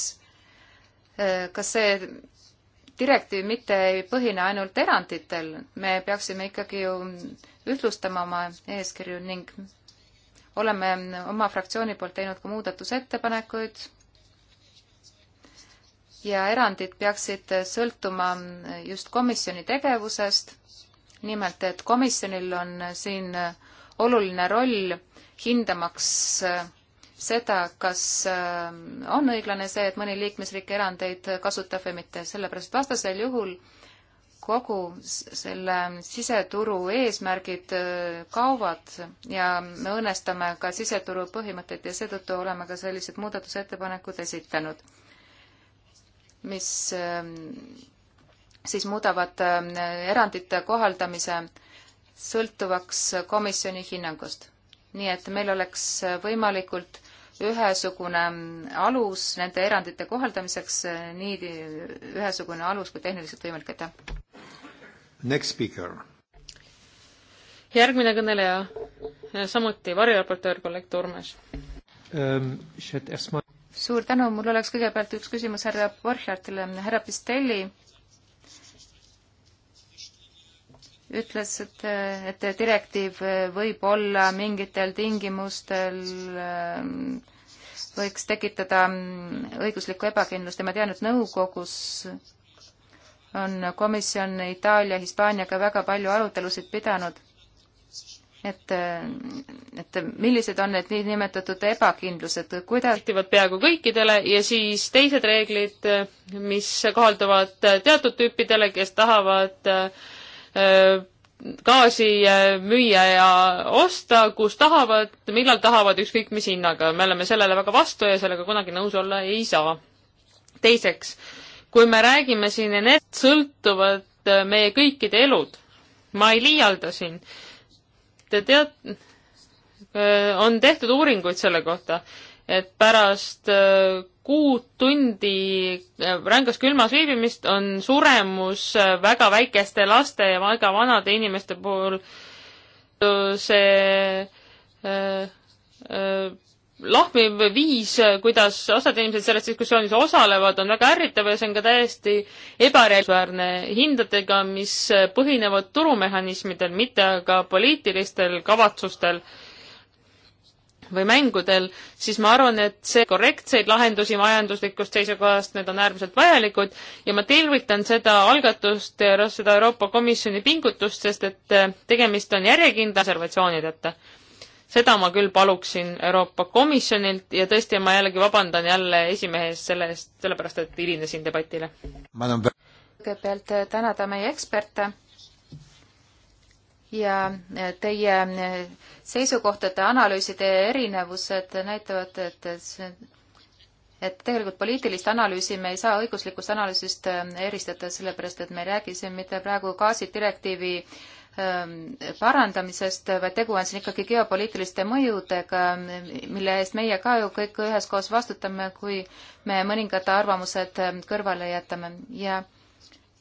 äh, kas see direktiiv mitte ei põhine ainult eranditel, me peaksime ikkagi ju ühtlustama oma eeskirju ning oleme oma fraktsiooni poolt teinud ka muudatusettepanekuid ja erandid peaksid sõltuma just komisjoni tegevusest. nimelt, et komisjonil on siin oluline roll hindamaks seda, kas on õiglane see, et mõni liikmesriik erandeid kasutab või mitte, sellepärast vastasel juhul kogu selle siseturu eesmärgid kaovad ja me õõnestame ka siseturu põhimõtteid ja seetõttu oleme ka sellised muudatusettepanekud esitanud mis ähm, siis muudavad ähm, erandite kohaldamise sõltuvaks komisjoni hinnangust. nii et meil oleks võimalikult ühesugune alus nende erandite kohaldamiseks, äh, nii ühesugune alus kui tehniliselt võimalik, aitäh! Next speaker. järgmine kõneleja, samuti variraportöör kolleeg Turmes um, suur tänu, mul oleks kõigepealt üks küsimus härra Borchartile, härra Pistelli ütles, et, et direktiiv võib olla mingitel tingimustel ähm, võiks tekitada õiguslikku ebakindlust ja ma tean, et nõukogus on komisjon Itaalia, Hispaaniaga väga palju arutelusid pidanud et, et millised on need niinimetatud ebakindlused, kuidas kehtivad peaaegu kõikidele ja siis teised reeglid, mis kohalduvad teatud tüüpidele, kes tahavad äh, gaasi äh, müüa ja osta, kus tahavad, millal tahavad, ükskõik mis hinnaga. me oleme sellele väga vastu ja sellega kunagi nõus olla ei saa. teiseks, kui me räägime siin, need sõltuvad äh, meie kõikide elud. ma ei liialda siin tead-, on tehtud uuringuid selle kohta, et pärast äh, kuut tundi äh, rängas külmas viibimist on suremus äh, väga väikeste laste ja väga vanade inimeste puhul see äh, äh, lahmiv viis, kuidas osad inimesed selles diskussioonis osalevad, on väga ärritav ja see on ka täiesti ebareaalsusväärne hindadega, mis põhinevad turumehhanismidel, mitte aga poliitilistel kavatsustel või mängudel, siis ma arvan, et see korrektseid lahendusi majanduslikust seisukohast, need on äärmiselt vajalikud ja ma tervitan seda algatust, seda Euroopa Komisjoni pingutust, sest et tegemist on järjekindla reservatsioonideta seda ma küll paluksin Euroopa Komisjonilt ja tõesti, ma jällegi vabandan jälle esimehe ees selle eest, sellepärast et hilinesin debatile. kõigepealt äh, tänada meie eksperte ja äh, teie äh, seisukohtade analüüside erinevused näitavad, et see et tegelikult poliitilist analüüsi me ei saa õiguslikust analüüsist eristada, sellepärast et me ei räägi siin mitte praegu gaasidirektiivi äh, Ähm, parandamisest, vaid tegu on siin ikkagi geopoliitiliste mõjudega, mille eest meie ka ju kõik üheskoos vastutame, kui me mõningad arvamused ähm, kõrvale jätame ja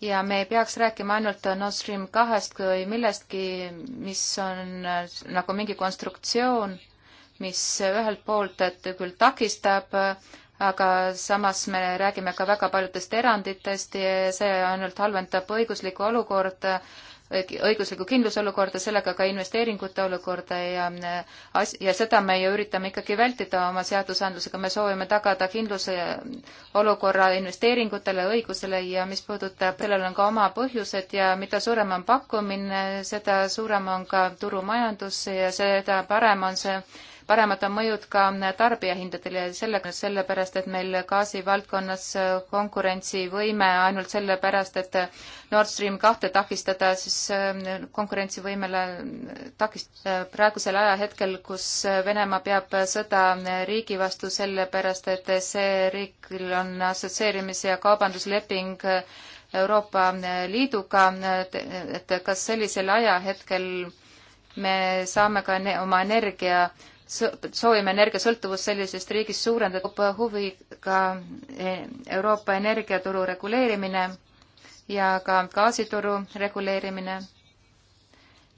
ja me ei peaks rääkima ainult Nord Stream kahest kui millestki, mis on äh, nagu mingi konstruktsioon, mis ühelt poolt, et küll takistab aga samas me räägime ka väga paljudest eranditest ja see ainult halvendab õiguslikku olukorda õigusliku kindluse olukorda, sellega ka investeeringute olukorda ja as-, ja seda me ju üritame ikkagi vältida oma seadusandlusega, me soovime tagada kindluse olukorra investeeringutele, õigusele ja mis puudutab, sellel on ka oma põhjused ja mida suurem on pakkumine, seda suurem on ka turumajandus ja seda parem on see paremad on mõjud ka tarbijahindadele ja sellega, sellepärast et meil gaasi valdkonnas konkurentsivõime ainult sellepärast, et Nord Stream kahte takistada, siis äh, konkurentsivõimele takist-, äh, praegusel ajahetkel, kus Venemaa peab sõda äh, riigi vastu sellepärast, et see riigil on assotsieerimis- ja kaubandusleping Euroopa Liiduga, et kas sellisel ajahetkel me saame ka oma energia soovime energiasõltuvust sellisest riigist suurendada, huvi ka e, Euroopa energiaturu reguleerimine ja ka gaasituru reguleerimine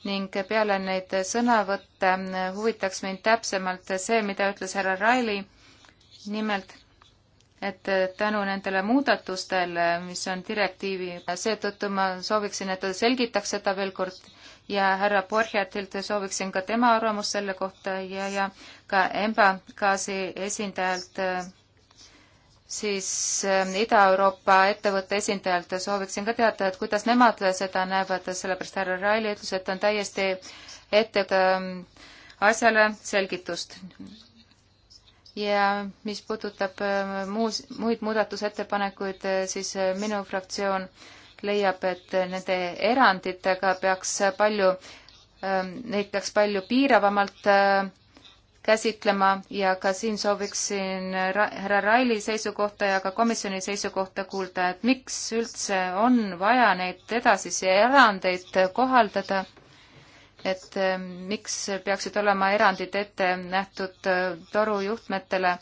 ning peale neid sõnavõtte huvitaks mind täpsemalt see, mida ütles härra Raili, nimelt, et tänu nendele muudatustele, mis on direktiivi, seetõttu ma sooviksin, et ta selgitaks seda veel kord ja härra Borjatilt sooviksin ka tema arvamust selle kohta ja, ja ka EMBA gaasi esindajalt siis ähm, Ida-Euroopa ettevõtte esindajalt sooviksin ka teada, et kuidas nemad seda näevad, sellepärast härra Raili ütles, et on täiesti ette ähm, asjale selgitust. ja mis puudutab äh, muus, muid muudatusettepanekuid, äh, siis äh, minu fraktsioon äh, leiab, et nende eranditega peaks palju, ähm, neid peaks palju piiravamalt äh, käsitlema ja ka siin sooviksin härra Raili seisukohta ja ka komisjoni seisukohta kuulda, et miks üldse on vaja neid edasisi erandeid kohaldada, et äh, miks peaksid olema erandid ette nähtud äh, torujuhtmetele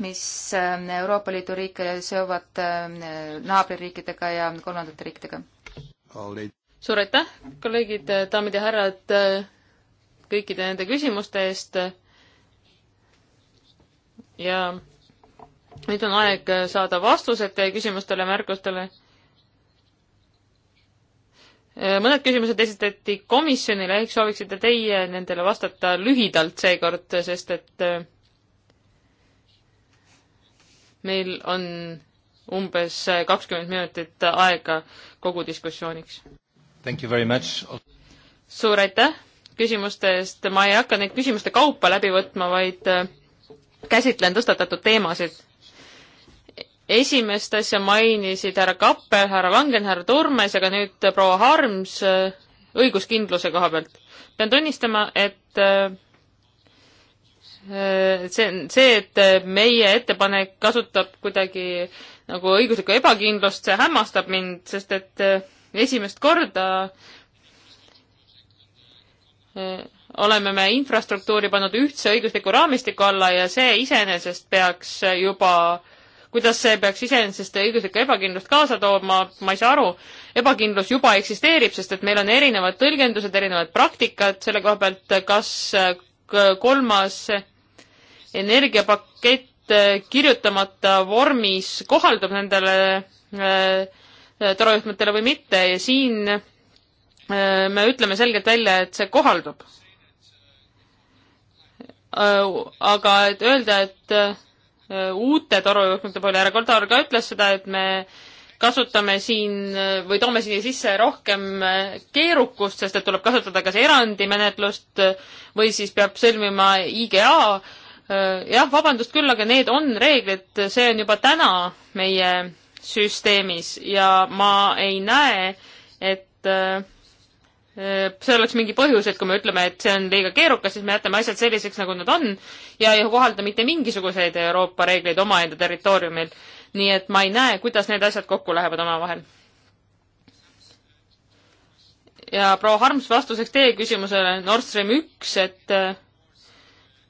mis ähm, Euroopa Liidu riike seovad ähm, naaberriikidega ja kolmandate riikidega. suur aitäh, kolleegid, daamid ja härrad, kõikide nende küsimuste eest. ja nüüd on aeg saada vastused teie küsimustele, märkustele. mõned küsimused esitati komisjonile, ehk sooviksite teie nendele vastata lühidalt seekord, sest et meil on umbes kakskümmend minutit aega kogu diskussiooniks. suur aitäh küsimuste eest, ma ei hakka neid küsimuste kaupa läbi võtma, vaid äh, käsitlen tõstatatud teemasid. esimest asja mainisid härra Kappel, härra Langen, härra Turmes ja ka nüüd proua Harms äh, õiguskindluse koha pealt. pean tunnistama, et äh, Äh, see on see, et äh, meie ettepanek kasutab kuidagi nagu õiguslikku ebakindlust, see hämmastab mind, sest et äh, esimest korda oleme me infrastruktuuri pannud ühtse õigusliku raamistiku alla ja see iseenesest peaks juba, kuidas see peaks iseenesest õiguslikku ebakindlust kaasa tooma, ma ei saa aru. ebakindlus juba eksisteerib, sest et meil on erinevad tõlgendused, erinevad praktikad selle koha pealt, kas kolmas energiapakett äh, kirjutamata vormis kohaldub nendele äh, äh, torujuhtmetele või mitte ja siin me ütleme selgelt välja, et see kohaldub. aga et öelda, et uute torujuhtmete puhul, härra Koldar ka ütles seda, et me kasutame siin või toome siia sisse rohkem keerukust, sest et tuleb kasutada kas erandimenetlust või siis peab sõlmima IGA Äh, jah, vabandust küll, aga need on reeglid, see on juba täna meie süsteemis ja ma ei näe, et äh, äh, see oleks mingi põhjus, et kui me ütleme, et see on liiga keerukas, siis me jätame asjad selliseks, nagu nad on ja ei kohalda mitte mingisuguseid Euroopa reegleid omaenda territooriumil. nii et ma ei näe, kuidas need asjad kokku lähevad omavahel. ja proua Harms, vastuseks teie küsimusele Nord Stream üks, et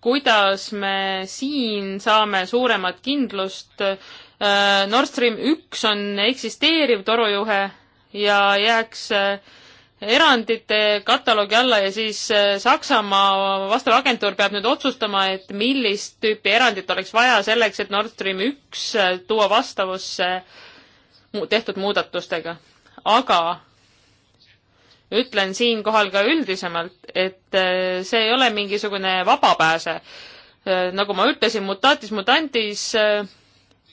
kuidas me siin saame suuremat kindlust. Äh, Nord Stream üks on eksisteeriv torujuhe ja jääks äh, erandite kataloogi alla ja siis äh, Saksamaa vastav agentuur peab nüüd otsustama, et millist tüüpi erandit oleks vaja selleks, et Nord Stream üks tuua vastavusse tehtud muudatustega. aga ütlen siinkohal ka üldisemalt, et äh, see ei ole mingisugune vabapääse. Äh, nagu ma ütlesin, mutatis mutantis äh,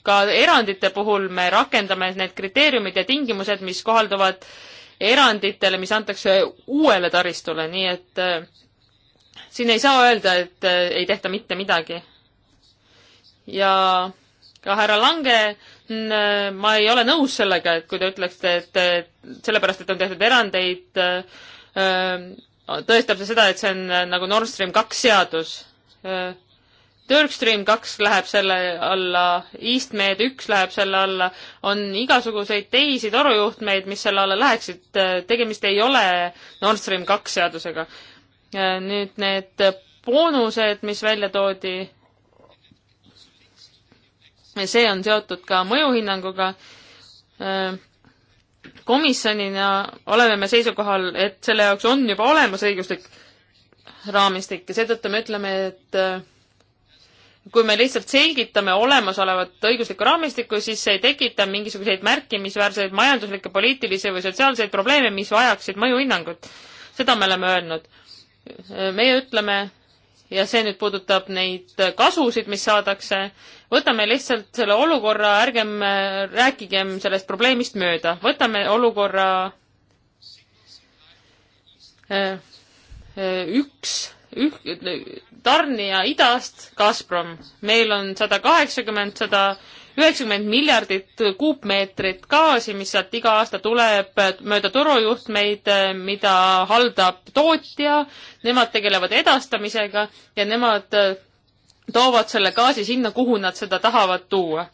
ka erandite puhul me rakendame need kriteeriumid ja tingimused, mis kohalduvad eranditele, mis antakse uuele taristule, nii et siin ei saa öelda, et ei tehta mitte midagi. ja ka härra Lange Äh, ma ei ole nõus sellega, et kui te ütleksite, et sellepärast, et on tehtud erandeid, äh, äh, tõestab see seda, et see on nagu Nord Stream kaks seadus. Turk Stream kaks läheb selle alla, EastMed üks läheb selle alla, on igasuguseid teisi torujuhtmeid, mis selle alla läheksid, tegemist ei ole Nord Stream kaks seadusega. nüüd need boonused, mis välja toodi see on seotud ka mõjuhinnanguga. Äh, komisjonina oleme me seisukohal, et selle jaoks on juba olemas õiguslik raamistik ja seetõttu me ütleme, et äh, kui me lihtsalt selgitame olemasolevat õiguslikku raamistikku, siis see ei tekita mingisuguseid märkimisväärseid majanduslikke, poliitilisi või sotsiaalseid probleeme, mis vajaksid mõjuhinnangut. seda me oleme öelnud. Äh, meie ütleme, ja see nüüd puudutab neid kasusid, mis saadakse, võtame lihtsalt selle olukorra, ärgem äh, rääkigem sellest probleemist mööda, võtame olukorra äh, üks, üh-, tarnija idast, Gazprom. meil on sada kaheksakümmend, sada üheksakümmend miljardit kuupmeetrit gaasi, mis sealt iga aasta tuleb mööda torujuhtmeid, äh, mida haldab tootja, nemad tegelevad edastamisega ja nemad toovad selle gaasi sinna, kuhu nad seda tahavad tuua.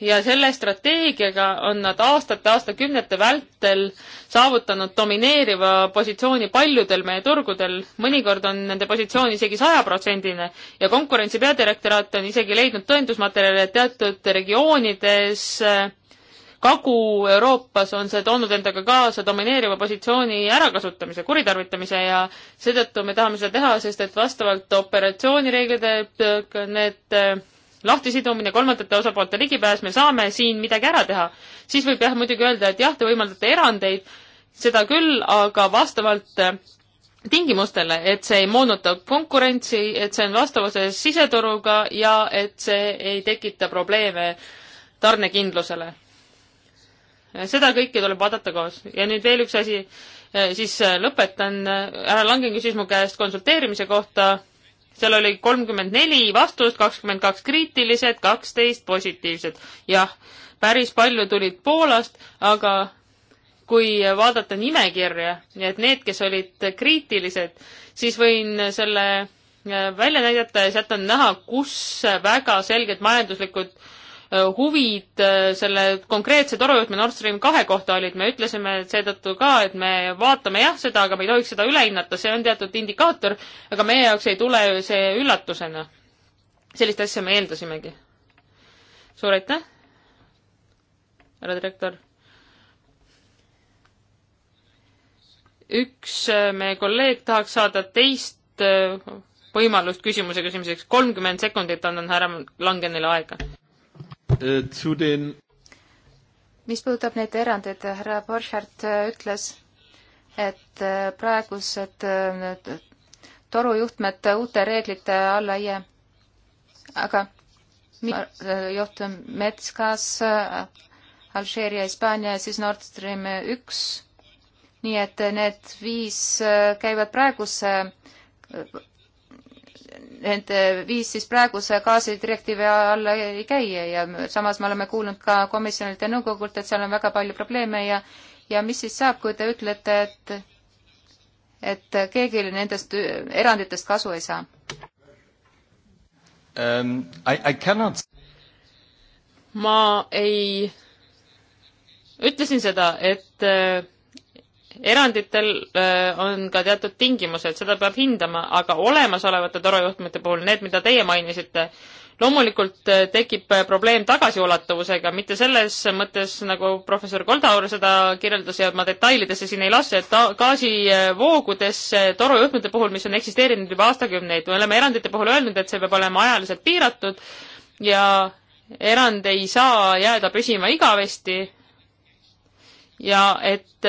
ja selle strateegiaga on nad aastate, aastakümnete vältel saavutanud domineeriva positsiooni paljudel meie turgudel, mõnikord on nende positsioon isegi sajaprotsendine ja konkurentsi peadirektoraat on isegi leidnud tõendusmaterjale teatud regioonides äh, Kagu-Euroopas on see toonud endaga kaasa domineeriva positsiooni ärakasutamise, kuritarvitamise ja seetõttu me tahame seda teha, sest et vastavalt operatsioonireeglide need eh, lahtisidumine, kolmandate osapoolte ligipääs, me saame siin midagi ära teha. siis võib jah muidugi öelda, et jah, te võimaldate erandeid, seda küll, aga vastavalt eh, tingimustele, et see ei moonuta konkurentsi, et see on vastavuses siseturuga ja et see ei tekita probleeme tarnekindlusele seda kõike tuleb vaadata koos. ja nüüd veel üks asi, äh, siis äh, lõpetan, äh, härra Langen küsis mu käest konsulteerimise kohta, seal oli kolmkümmend neli vastust, kakskümmend kaks kriitilised, kaksteist positiivset. jah, päris palju tulid Poolast, aga kui vaadata nimekirja, et need, kes olid kriitilised, siis võin selle välja näidata ja sealt on näha, kus väga selged majanduslikud äh, Äh, huvid äh, selle konkreetse torujuhtme Nord Stream kahe kohta olid, me ütlesime seetõttu ka, et me vaatame jah seda, aga me ei tohiks seda üle hinnata, see on teatud indikaator, aga meie jaoks ei tule see üllatusena. sellist asja me eeldasimegi. suur aitäh, härra direktor. üks äh, meie kolleeg tahaks saada teist võimalust küsimuse küsimiseks. kolmkümmend sekundit annan härra Langenile aega zu uh, den mis puudutab neid erandeid, härra Borchardt äh, ütles, et äh, praegused äh, torujuhtmed uute reeglite alla ei jää. aga juht Metskas, Alžeeria, Hispaania ja siis Nord Stream üks, nii et need viis käivad praeguse need viis siis praeguse gaasidirektiivi alla ei käi ja samas me oleme kuulnud ka komisjonilt ja nõukogult, et seal on väga palju probleeme ja ja mis siis saab, kui te ütlete, et et keegi nendest eranditest kasu ei saa um,? I, I cannot ma ei ütlesin seda, et eranditel äh, on ka teatud tingimused, seda peab hindama, aga olemasolevate torujuhtmete puhul, need, mida teie mainisite, loomulikult äh, tekib äh, probleem tagasiulatuvusega, mitte selles mõttes, nagu professor Koldaur seda kirjeldas ja ma detailidesse siin ei lasse, et gaasivoogudesse torujuhtmete puhul, mis on eksisteerinud juba aastakümneid, me oleme erandite puhul öelnud, et see peab olema ajaliselt piiratud ja erand ei saa jääda püsima igavesti ja et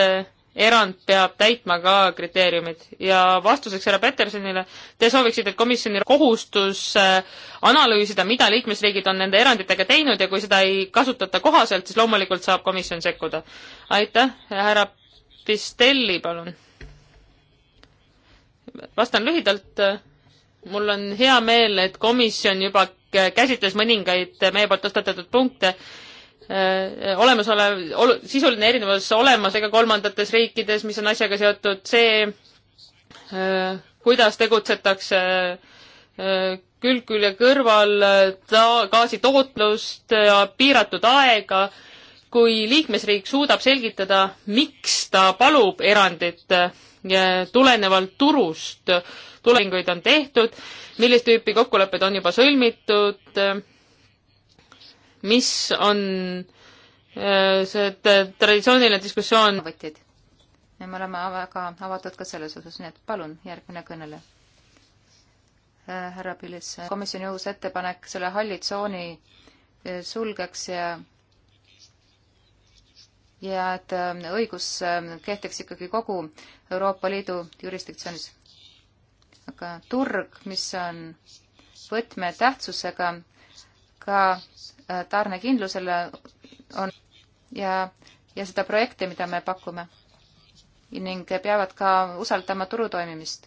erand peab täitma ka kriteeriumid ja vastuseks härra Petersonile, te sooviksite, et komisjoni kohustus äh, analüüsida, mida liikmesriigid on nende eranditega teinud ja kui seda ei kasutata kohaselt, siis loomulikult saab komisjon sekkuda. aitäh, härra Pistelli, palun. vastan lühidalt. mul on hea meel, et komisjon juba käsitles mõningaid meie poolt tõstatatud punkte Äh, olemasolev ol,, sisuline erinevus olemas ega kolmandates riikides, mis on asjaga seotud, see, äh, kuidas tegutsetakse äh, külg külje kõrval, ta-, gaasitootlust ja piiratud aega, kui liikmesriik suudab selgitada, miks ta palub erandit tulenevalt turust, tulevinguid on tehtud, millist tüüpi kokkulepped on juba sõlmitud, mis on äh, see äh, traditsiooniline diskussioon. me oleme väga avatud ka selles osas, nii et palun, järgmine kõneleja äh, härra Pilis, komisjoni uus ettepanek selle halli tsooni sulgeks ja ja et õigus kehtiks ikkagi kogu Euroopa Liidu jurisdiktsioonis. aga turg, mis on võtmetähtsusega ka äh, tarnekindlusele on ja, ja seda projekti, mida me pakume ning peavad ka usaldama turu toimimist.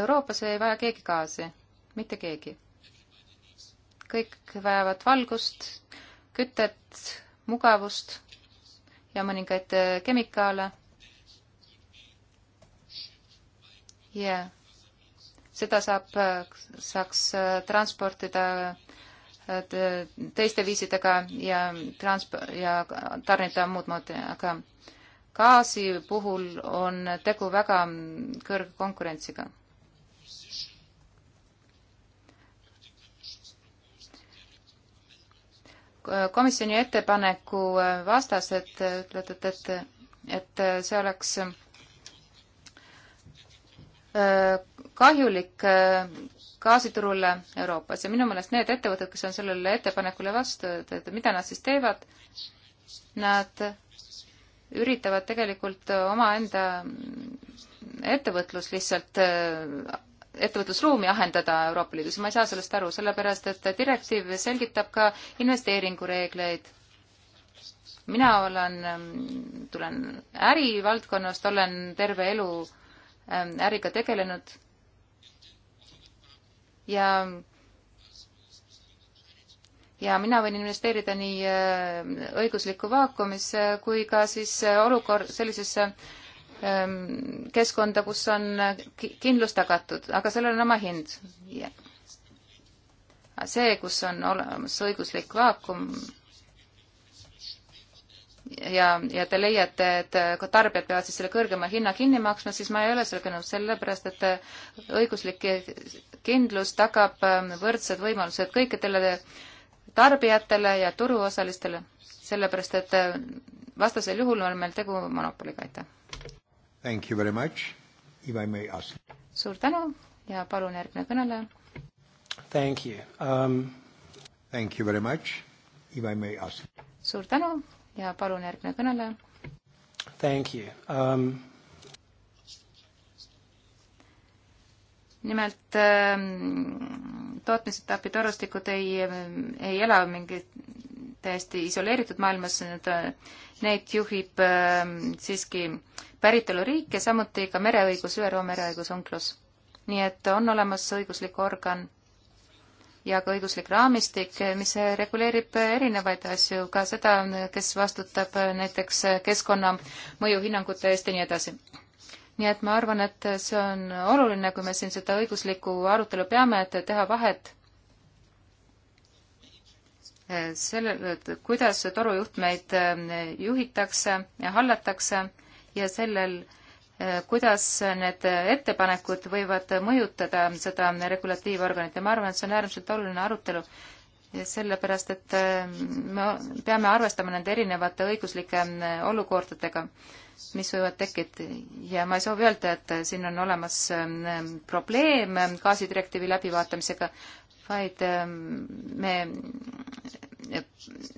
Euroopas ei vaja keegi gaasi, mitte keegi. kõik vajavad valgust, kütet, mugavust ja mõningaid kemikaale ja seda saab, saaks äh, transportida äh, teiste viisidega ja trans- ja tarnida muud moodi, aga gaasi puhul on tegu väga kõrge konkurentsiga komisjoni ettepaneku vastased, ütlete, et, et see oleks Äh, kahjulik äh, gaasiturule Euroopas ja minu meelest need ettevõtted, kes on sellele ettepanekule vastu, et, et mida nad siis teevad, nad üritavad tegelikult omaenda ettevõtlus lihtsalt, äh, ettevõtlusruumi ahendada Euroopa Liidus ja ma ei saa sellest aru, sellepärast et direktiiv selgitab ka investeeringureegleid mina olen, ähm, tulen ärivaldkonnast, olen terve elu Ähm, äriga tegelenud ja ja mina võin investeerida nii äh, õiguslikku vaakumisse äh, kui ka siis äh, olukord sellisesse ähm, keskkonda, kus on kindlus tagatud, aga sellel on oma hind. see, kus on olemas õiguslik vaakum, ja, ja te leiate, et ka tarbijad peavad siis selle kõrgema hinna kinni maksma, siis ma ei ole sellega nõus, sellepärast et äh, õiguslik kindlus tagab ähm, võrdsed võimalused kõikidele tarbijatele ja turuosalistele, sellepärast et äh, vastasel juhul on meil tegu monopoliga, aitäh. Thank you very much, if I may ask. suur tänu ja palun järgmine kõneleja. Thank you um.... Thank you very much, if I may ask. suur tänu ja palun järgmine kõneleja. Thank you um.... nimelt ähm, tootmisetapi torustikud ei, ähm, ei ela mingi täiesti isoleeritud maailmas, need, äh, neid juhib ähm, siiski päritoluriik ja samuti ka mereõigus, ÜRO mereõigusunklus. nii et on olemas õiguslik organ ja ka õiguslik raamistik, mis reguleerib erinevaid asju, ka seda, kes vastutab näiteks keskkonnamõju hinnangute eest ja nii edasi. nii et ma arvan, et see on oluline, kui me siin seda õiguslikku arutelu peame, et teha vahet sellele, et kuidas torujuhtmeid juhitakse ja hallatakse ja sellel, kuidas need ettepanekud võivad mõjutada seda regulatiivorganit ja ma arvan, et see on äärmiselt oluline arutelu, sellepärast et äh, me peame arvestama nende erinevate õiguslike äh, olukordadega, mis võivad tekkida ja ma ei soovi öelda, et siin on olemas äh, probleem gaasidirektiivi läbivaatamisega, vaid ähm, me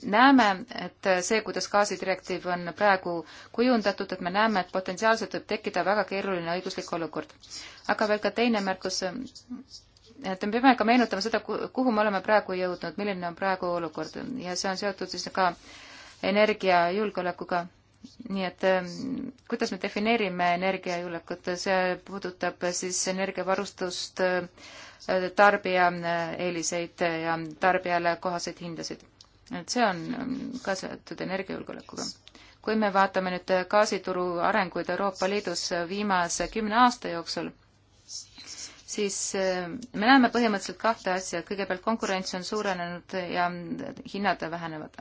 näeme, et see, kuidas gaasidirektiiv on praegu kujundatud, et me näeme, et potentsiaalselt võib tekkida väga keeruline õiguslik olukord. aga veel ka teine märkus, et me peame ka meenutama seda, kuhu me oleme praegu jõudnud, milline on praegu olukord ja see on seotud siis ka energiajulgeolekuga. nii et ähm, kuidas me defineerime energiajulgeolekut, see puudutab siis energiavarustust äh, tarbija äh, eeliseid ja tarbijale kohaseid hindasid. et see on ähm, ka seotud energiajulgeolekuga. kui me vaatame nüüd äh, gaasituru arenguid Euroopa Liidus äh, viimase kümne aasta jooksul, siis me näeme põhimõtteliselt kahte asja, kõigepealt konkurents on suurenenud ja hinnad vähenevad.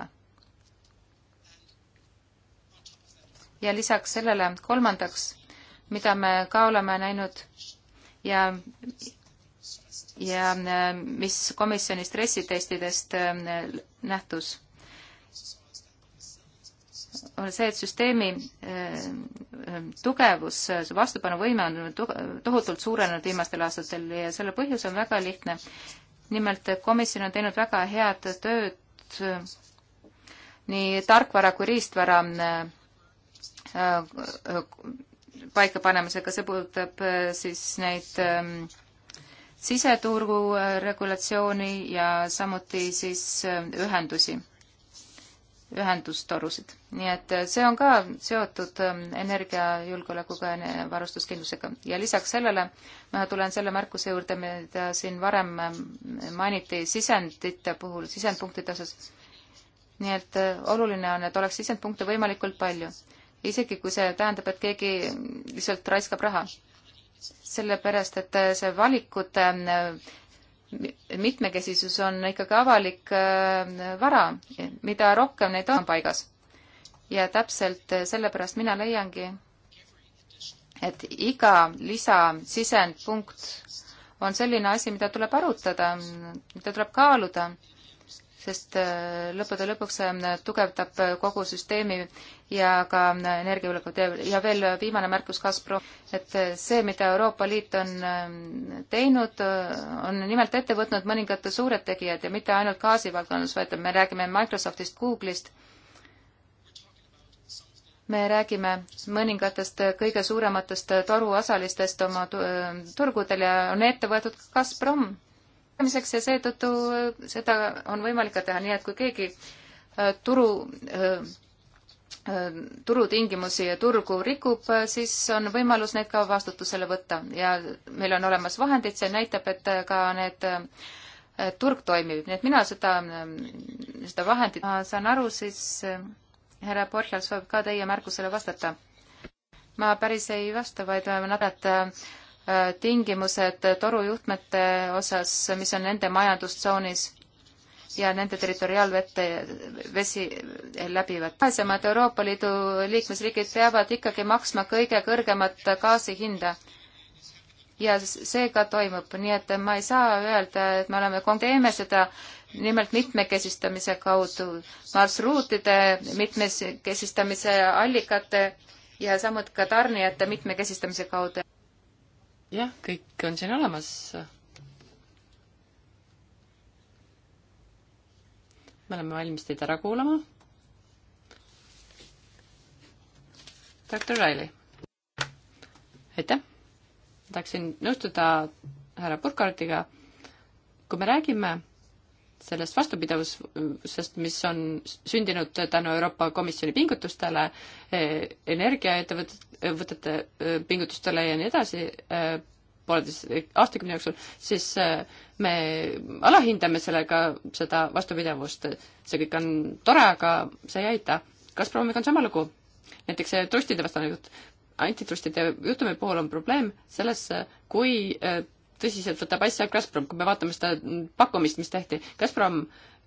ja lisaks sellele kolmandaks, mida me ka oleme näinud ja ja äh, mis komisjoni stressitestidest äh, nähtus, on see, et süsteemi äh, tugevus, see vastupanuvõime on tohutult suurenenud viimastel aastatel ja selle põhjus on väga lihtne. nimelt komisjon on teinud väga head tööd nii tarkvara kui riistvara paikapanemisega, see puudutab siis neid ähm, siseturgu äh, regulatsiooni ja samuti siis äh, ühendusi, ühendustorusid. nii et äh, see on ka seotud ähm, energiajulgeolekuga ja varustuskindlusega. ja lisaks sellele ma tulen selle märkuse juurde, mida siin varem ähm, mainiti sisendite puhul, sisendpunktide osas. nii et oluline on, et oleks sisendpunkte võimalikult palju. isegi kui see tähendab, et keegi lihtsalt raiskab raha sellepärast et äh, see valikute äh, mitmekesisus on ikkagi avalik äh, vara, mida rohkem neid on paigas. ja täpselt sellepärast mina leiangi, et iga lisasisendpunkt on selline asi, mida tuleb arutada, mida tuleb kaaluda sest äh, lõppude lõpuks äh, tugevdab äh, kogu süsteemi ja ka energiajulgeolekut. ja veel viimane märkus Gazprom, et see, mida Euroopa Liit on teinud, on nimelt ette võtnud mõningad suured tegijad ja mitte ainult gaasivaldkonnas, vaid me räägime Microsoftist, Google'ist, me räägime mõningatest kõige suurematest toruosalistest oma turgudel ja on ette võetud Gazprom jätkamiseks ja seetõttu äh, seda on võimalik ka teha, nii et kui keegi äh, turu, äh, turutingimusi ja turgu rikub, siis on võimalus neid ka vastutusele võtta ja meil on olemas vahendid, see näitab, et ka need turg toimib, nii et mina seda, seda vahendit ma saan aru, siis härra Borchal soovib ka teie märkusele vastata. ma päris ei vasta, vaid ma näen, et Äh, tingimused torujuhtmete osas, mis on nende majandustsoonis ja nende territoriaalvete vesi läbivad. vaesemad Euroopa Liidu liikmesriigid peavad ikkagi maksma kõige kõrgemat gaasi hinda. ja see ka toimub, nii et ma ei saa öelda, et me oleme, teeme seda nimelt mitmekesistamise kaudu, marsruutide mitmekesistamise allikate ja samuti ka tarnijate mitmekesistamise kaudu jah, kõik on siin olemas. me oleme valmis teid ära kuulama. doktor Riley. aitäh. tahaksin nõustuda härra Burkhardtiga. kui me räägime sellest vastupidavusest, mis on sündinud tänu Euroopa Komisjoni pingutustele, energiaettevõtete eh, pingutustele ja nii edasi, eh, pooleteise aastakümne jooksul, siis eh, me alahindame sellega seda vastupidavust. see kõik on tore, aga see ei aita. Gazpromiga on sama lugu. näiteks see trustide vastane jutt. antitrustide juhtumi puhul on probleem selles, kui tõsiselt võtab asja Gazprom, kui me vaatame seda pakkumist, mis tehti. Gazprom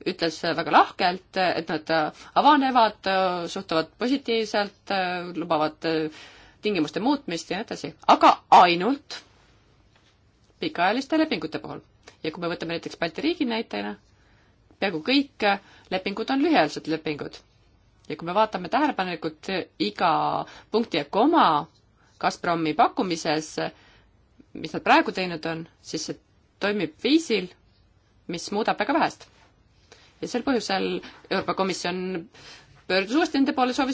ütles väga lahkelt, et nad avanevad, suhtuvad positiivselt, lubavad tingimuste muutmist ja nii edasi, aga ainult pikaajaliste lepingute puhul. ja kui me võtame näiteks Balti riigid näitena, peaaegu kõik lepingud on lühiajalised lepingud. ja kui me vaatame tähelepanelikult iga punkti ja koma Gazpromi pakkumises, mis nad praegu teinud on, siis see toimib viisil, mis muudab väga vähest. ja sel põhjusel Euroopa Komisjon pöördus uuesti nende poole, soovis